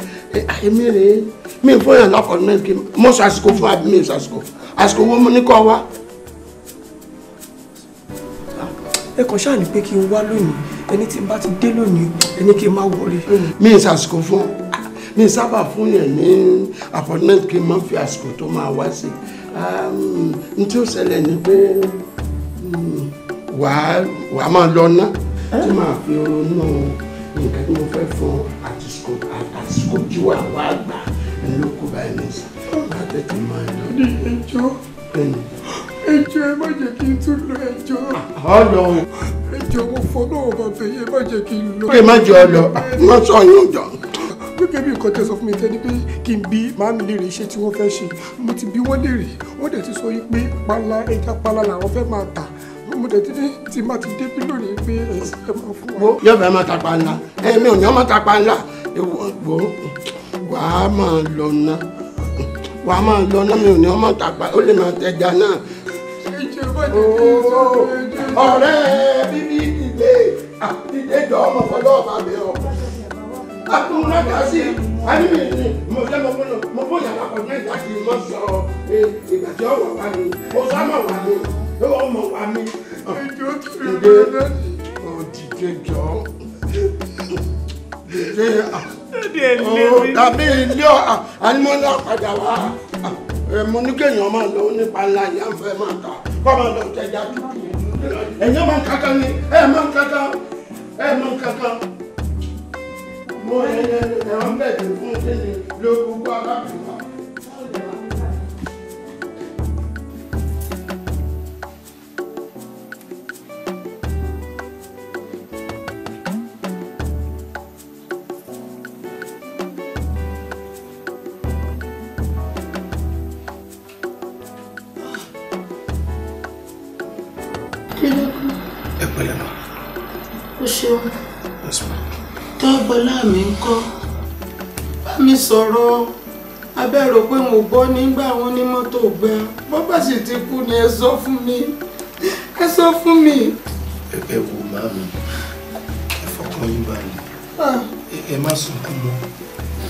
èmi rèé mi fún yàn lọ́kọ̀ọ́ náà kí mo sọ àsìkò fún àbí mi sọ àsìkò àsìkò wo mo ní kọ́ wa. Ah, ẹ kàn ṣáà ní pé kí n wá lónìí ẹni tí n bá ti dé lónìí ẹni kí n má wọlé. mi ì sàsìkò fún mi sábà fún yẹn ní appointment kí fi àsìkò tó máa wá sí i n tí ó ṣẹlẹ̀ ni pé hmm, wàá máa lọ ná tí màá fi ronú nǹkan tí mo fẹ́ fún àtìsíkò àtìsíkò tí wà wá gbà ńlọkọ báyìí nìyí ká tètè máa lọ. ní ẹjọ́ ẹjọ́ ẹ má jẹ́ kí n tún lọ ẹjọ́. ọlọ. ẹjọ́ mo fọ́ náà bàbá yẹn má jẹ́ kí n lọ. pé má jẹ́ ọ lọ má sọ yín jọ pé bèbí nǹkan tẹ́ sọ fún mi tẹ́ ni pé kí n bi màámi léèrè iṣẹ́ tí wọ́n fẹ́ ṣe mo ti bi wọ́n léèrè wọ́n dẹ̀ ti sọ yìí pé pálá ẹja pálá làwọn fẹ́ máa tà mo dẹ̀ ti ní tí má ti débi lónìí pé ẹ̀sìn ẹ̀ máa fún wa. yóò fẹ́ máa tapa ńlá ẹ̀mí ò ní ọmọ tapa ńlá wò wàá máa lọ ná wàá máa lọ ná mi ò ní ọmọ tapa ó lè máa tẹja náà. ọ̀rẹ́ bíbí ìdílé àti ìdíjọ́ ọmọ fọlọ́ọ̀bá bẹ́ẹ̀ ọ akúnra kà sí àní mi ni mo jẹ́ mo mọ́nà mo bóyá lápọ̀jọ́ ìjà kì í mọ́ sọ̀rọ̀ ìgbà tí ọ̀wọ̀ wà ní mo sá mọ̀ wà ní ó mọ̀ wà mí. ìdè òdìdè jọ ìdè tàbí ilé ànímọ́lá padà wá mo ní kéèyàn máa lọ nípa ńlá ìyá ń fẹ́ máa ta kọ́ máa lọ jẹjà tútù ẹ̀yìn máa ń kankan ni ẹ̀ máa ń kankan ẹ̀ máa ń kankan mo ẹyẹ ẹ̀wọ̀n bẹ̀rẹ̀ fún tẹ̀lé lókùnkùn alábìyàn. Ọlọ́pẹ́lá mi ń kọ́ bá mi sọ̀rọ̀ abẹ́rò pé mo gbọ́ nígbà wọn ní mọ́tò gbẹ bọ́bá sì ti kú ni ẹ sọ fún mi ẹ sọ fún mi. ẹ wo màmí ẹ fọkàn yín balẹ̀ ẹ má sunkún mọ́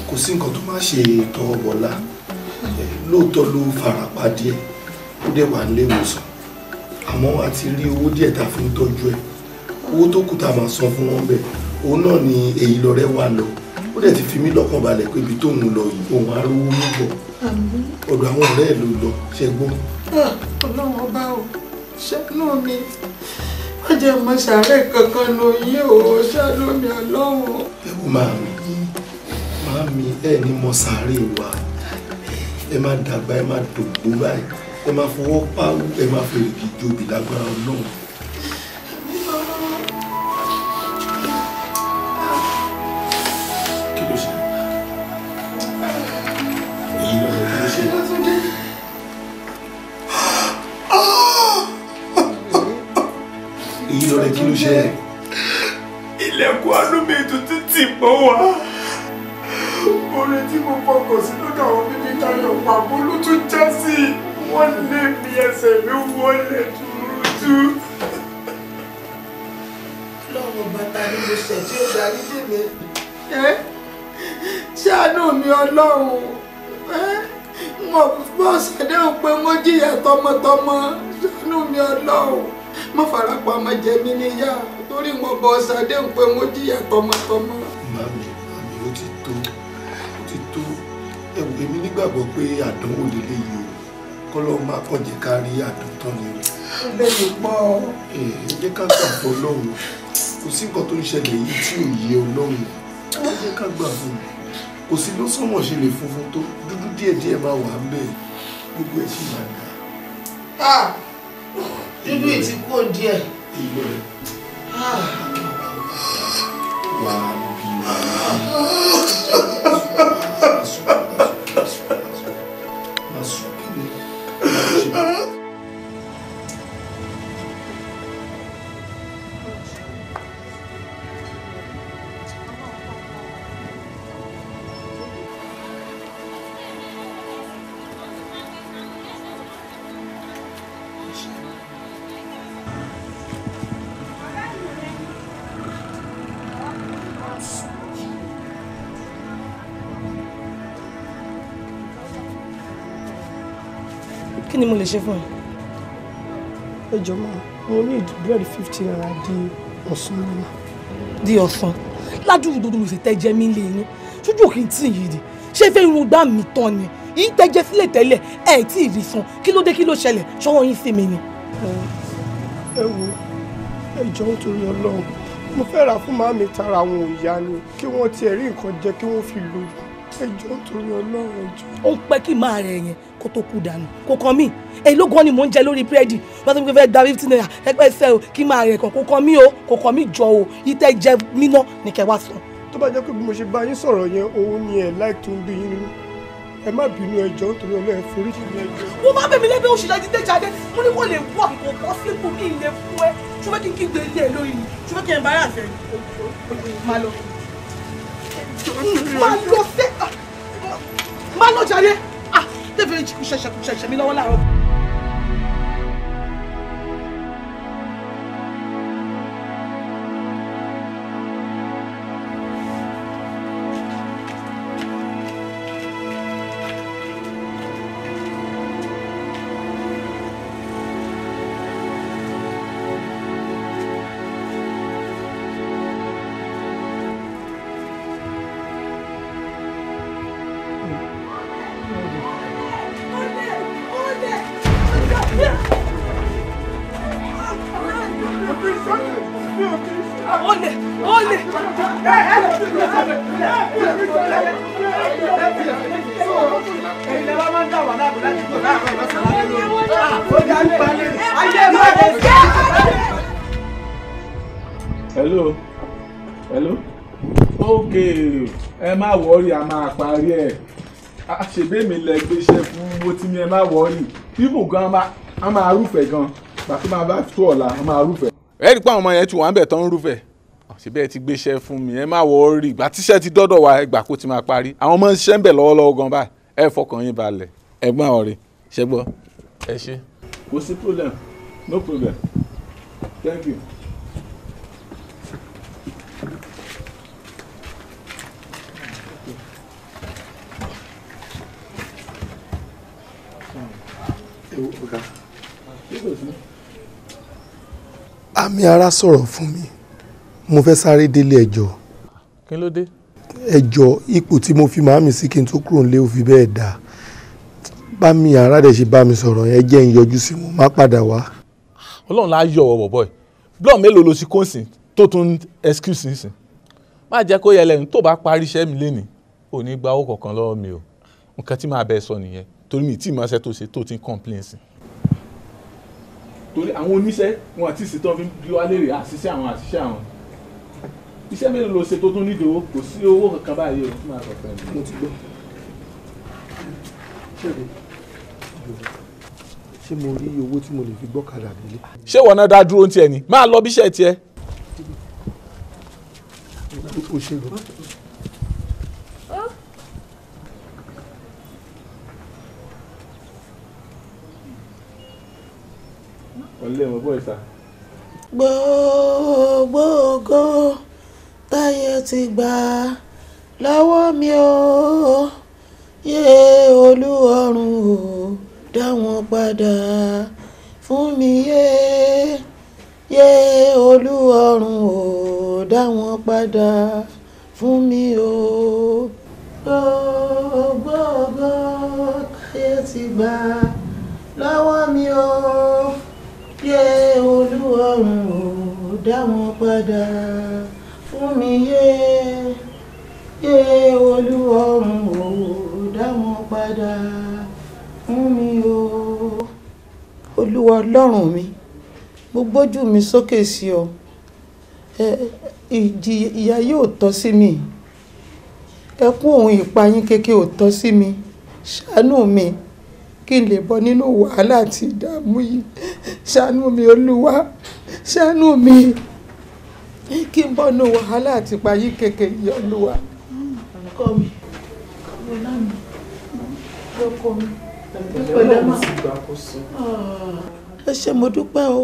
kò sí nǹkan tó má ṣe tọwọ́ bọ́lá lóòótọ́ ló farapa díẹ̀ ó dẹ̀ wà nílé ìwòsàn àmọ́ a ti rí owó díẹ̀ tá a fi ń tọ́jú ẹ̀ owó tó kù tá máa san fún wọn bẹ́ẹ̀ òun náà ni èyí lọrẹ wà lọ ó dẹ̀ ti fi mí lọ́kàn balẹ̀ pé ibi tóun lọ yìí òun arúgbó ló bọ̀ ọ̀dọ̀ àwọn ọ̀rẹ́ ẹ̀ ló lọ ṣe gbọ́. Ah, ọlọ́run ọba ò ṣẹ́nu mi wọ́n jẹ́ mọ ṣàárẹ̀ kankan lóyún o ṣáàlú mi ọlọ́run. ẹ wo màámi màámi ẹ ní mọ ṣàárẹ̀ wa ẹ má dàgbà ẹ má dògbò báyìí ẹ má fọwọ́ pa ẹ má fèrè kí jobi ọlọ́run. jẹ. ilẹ̀kùn àánú mi tuntun tì mọ́ wa oore tí mo fọkàn sí lọ́dọ̀ àwọn bíbí tayọ̀ pàbó ló tún já sí i wọ́n lé mi ẹsẹ̀ mi wọlé túrútú. lọ́wọ́ bàtà ni mo ṣẹ̀ tí ó darí dé mi ṣàánú mi ọlọ́run mo bọ́ sẹ́dẹ̀ ò pé mo jìyà tọmọtọmọ ṣàánú mi ọlọ́run má farapa má jẹ mí níyà torí wọn bọ ṣàdé ń pé wọn jìyà tọmọtọmọ. màmí màmí ó ti tó ó ti tó ẹwù èmi nígbàgbọ́ pé àdánwò líle yìí o kọ́lọ́ máa kọ̀jẹ̀ ká rí àdúntàn ni o. ó lè lè pọ̀. ẹ ẹ jẹ́ ká gbà fún ọlọ́run kò sí nǹkan tó ń ṣẹlẹ̀ yìí tí ò yé ọlọ́run ẹ ká gbà fún un kò sí ló sọmọ ṣe lè funfun tó dúdú díẹ̀díẹ̀ máa wà ń bẹ̀ gbogbo ẹ̀ sì máa dà. Ah! Ibi ìtì kú díẹ̀. Ah. Wà á bí wà lè ṣe fún ẹ. ẹ jọ̀ọ́ ma mo ní búrẹ́dì fifty naira di ọ̀sán lọ́nà. di ọ̀sán ládùúgbò dodo ló ṣe tẹ́jẹ́ mi lé yín ṣojú òkè tí yìí di ṣé fẹ́ irun gbá mi tán ni yìí tẹ́jẹ́ sílẹ̀ tẹ́lẹ̀ ẹ̀ tí ì rí san kí ló dé kí ló ṣẹlẹ̀ ṣọwọ́ yín sí mi ni. ẹ wo ẹ jọ̀ọ́ nítorí Ọlọ́run mo fẹ́ ra fún màmí tara àwọn òòyà ni kí wọ́n tiẹ̀ rí nǹkan jẹ kí wọ́n fi lò ẹjọ́ torí ọlọ́run jù. ó ń pẹ́ kí máa rẹ̀ yẹn kó tó kú dànù kó kàn mí èyí ló gan ni mò ń jẹ lórí búrẹ́dì wọ́n ti fi fẹ́ da fifty naira ẹgbẹ́ iṣẹ́ o kí máa rẹ̀ kàn kó kàn mí o kó kàn mí jọ o ìtẹ́ jẹ míná ní kẹwàá sàn. tó bá jẹ́ pé bí mo ṣe bá yín sọ̀rọ̀ yẹn òun ni ẹ̀ láì tó bí yín nínú ẹ má bínú ẹjọ́ torí ọlọ́run forí jì mí ẹjọ́. mo bá yà fẹ́ lọ. máa bá lọ́jà yẹ ah tẹ́fẹ̀ẹ́ ṣẹ̀ṣẹ̀ kù ṣẹ̀ṣẹ̀ mi lọ́wọ́ láàárọ̀. ṣèbéèmí lẹ gbéṣẹ́ fún mo ti ní ẹ má wọrí fífún gan a máa rúfẹ́ gan pàtó máa bá tó ọ̀la a máa rúfẹ́. ẹ rí i pé àwọn ọmọ yẹn ti wà ń bẹ̀ tán ń rúfẹ́ síbẹ̀ ah, ẹ ti gbéṣẹ́ fún mi ẹ má wọrí ìgbà tíṣẹ́ ti dọ́dọ̀ wa ẹgbà kó ti máa parí àwọn ọmọ ń ṣẹ́ ń bẹ̀ lọ́wọ́lọ́wọ́ gan báyìí ẹ fọkàn yín balẹ̀ ẹgbọ́n ọ̀rẹ́ ṣẹ́gbọ́ ẹ ṣe. kò sí problem no problem thank you. àmì ara sọ̀rọ̀ fún mi mo fẹ́ sáré délé ẹjọ́. kí ló dé. ẹjọ́ ipò tí mo fi màámi sí kí n tó kúrò nílé òfin bẹ́ẹ̀ dà bá mi ara dẹ̀ ṣe bá mi sọ̀rọ̀ yẹn jẹ́ ń yọjú sí wọn má padà wá. ọlọ́run la yọ ọ̀wọ̀ bọ̀bọ̀ ẹ̀ blọọ̀ mélòó ló ṣe kó sìn tó tún excuse nísìn má jẹ́ kó yẹ lẹ́nu tó bá parí iṣẹ́ mi lénìí ò ní gba owó kankan lọ́wọ́ mi o nǹkan tí màá bẹ́ẹ̀ sọ nìyẹn torí mi tí ì máa ṣe tó ṣe tó ti ń complain sí. torí àwọn oníṣẹ́ wọn àti ìṣètò fi ń bí wá léèrè àṣìṣe àwọn àṣìṣe àwọn iṣẹ́ mélòó ló ṣe tó tún nídìí owó kò sí owó kankan báyìí o máa sọ fún mo ti gbọ́ ṣé mo rí owó tí mo lè fi gbọ́kadà nílé. ṣé wọn náà dá dúró ní tiẹ̀ ni máa lọ bíṣẹ́ tiẹ̀. nílé ọmọ bọ́ọ̀ ìta. gbogbo ògo táyé ti gbà lọ́wọ́ mi o yé olúọ̀run o dá wọn padà fún mi yé yé olúọ̀run o dá wọn padà fún mi o gbogbo ògo táyé ti gbà lọ́wọ́ mi o yé olúwarùn ò dá wọn padà fún mi yé yé olúwarùn ò dá wọn padà fún mi o. olúwa ọlọ́run mi mo gbójú mi sókè sí ọ ìyà yóò tọ́ sí mi ẹkún òun ìpayín kékeré ò tọ́ sí mi ṣàánú mi kí n lè bọ́ nínú wàhálà àti ìdààmú yìí ṣàánú mi olúwa ṣàánú mi kí n bọ́ nínú wàhálà àti ìpayí kèké yìí olúwa. ọkọ mi ọmọ mi ọkọ mi ẹ ṣé mo dúpẹ́ o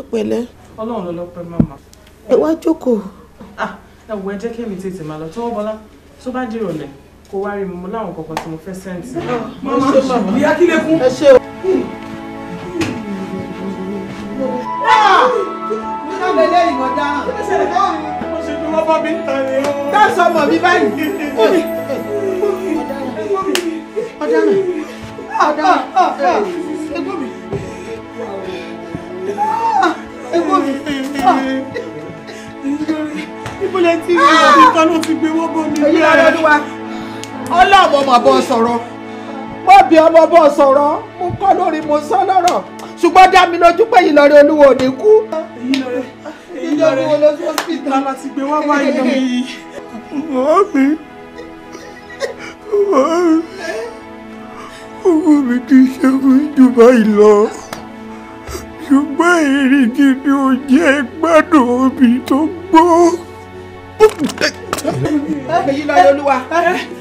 ẹ pẹ̀lẹ́. ọlọ́run ló lọ́pẹ́ màmá. ẹ wá jókòó. Ah, ẹ wọ ẹ jẹ́ kí èmi tètè máa lọ tọwọ́ bọlá tó bá dìrọ̀lẹ́ kó wá rí mi mo láwọn kankan tí mo fẹ́ sẹ́ǹtì. mo ṣe màmá ìyá kí lè kún. ẹ ṣe o. nígbà mẹ́lẹ́ ìmọ̀ dáhà. mo ṣe fi rọ́bà mi ta ni o. dáṣọ ọmọ mi báyìí. ọ̀daràn ọ̀daràn ọ̀daràn ẹgbọ́n mi ẹgbọ́n mi. ìbúlẹ̀ tí ìrìn àti ìtọ́nà ti gbé wọ́pọ̀ mi. èyí lọ́dọ̀ ọdún wa ọlọ́mọ mà bọ́ sọ̀rọ̀ mo bí ọmọ bọ́ sọ̀rọ̀ mo kọ́ lórí mo sọ lọ́rọ̀ ṣùgbọ́n dá mi lójú pé Ìlọrin Olúwo ò ní kú. ilé Olúwo lọ sí hospital. tala ti gbé wá báyìí yìí. wọ́n mi wọ́n mi owó mi ti ṣẹ́gun jù báyìí lọ ṣùgbọ́n èrè gidi ò jẹ́ gbádùn omi tó gbó. ẹ̀yin lọ́yọ̀ olúwa. Eh,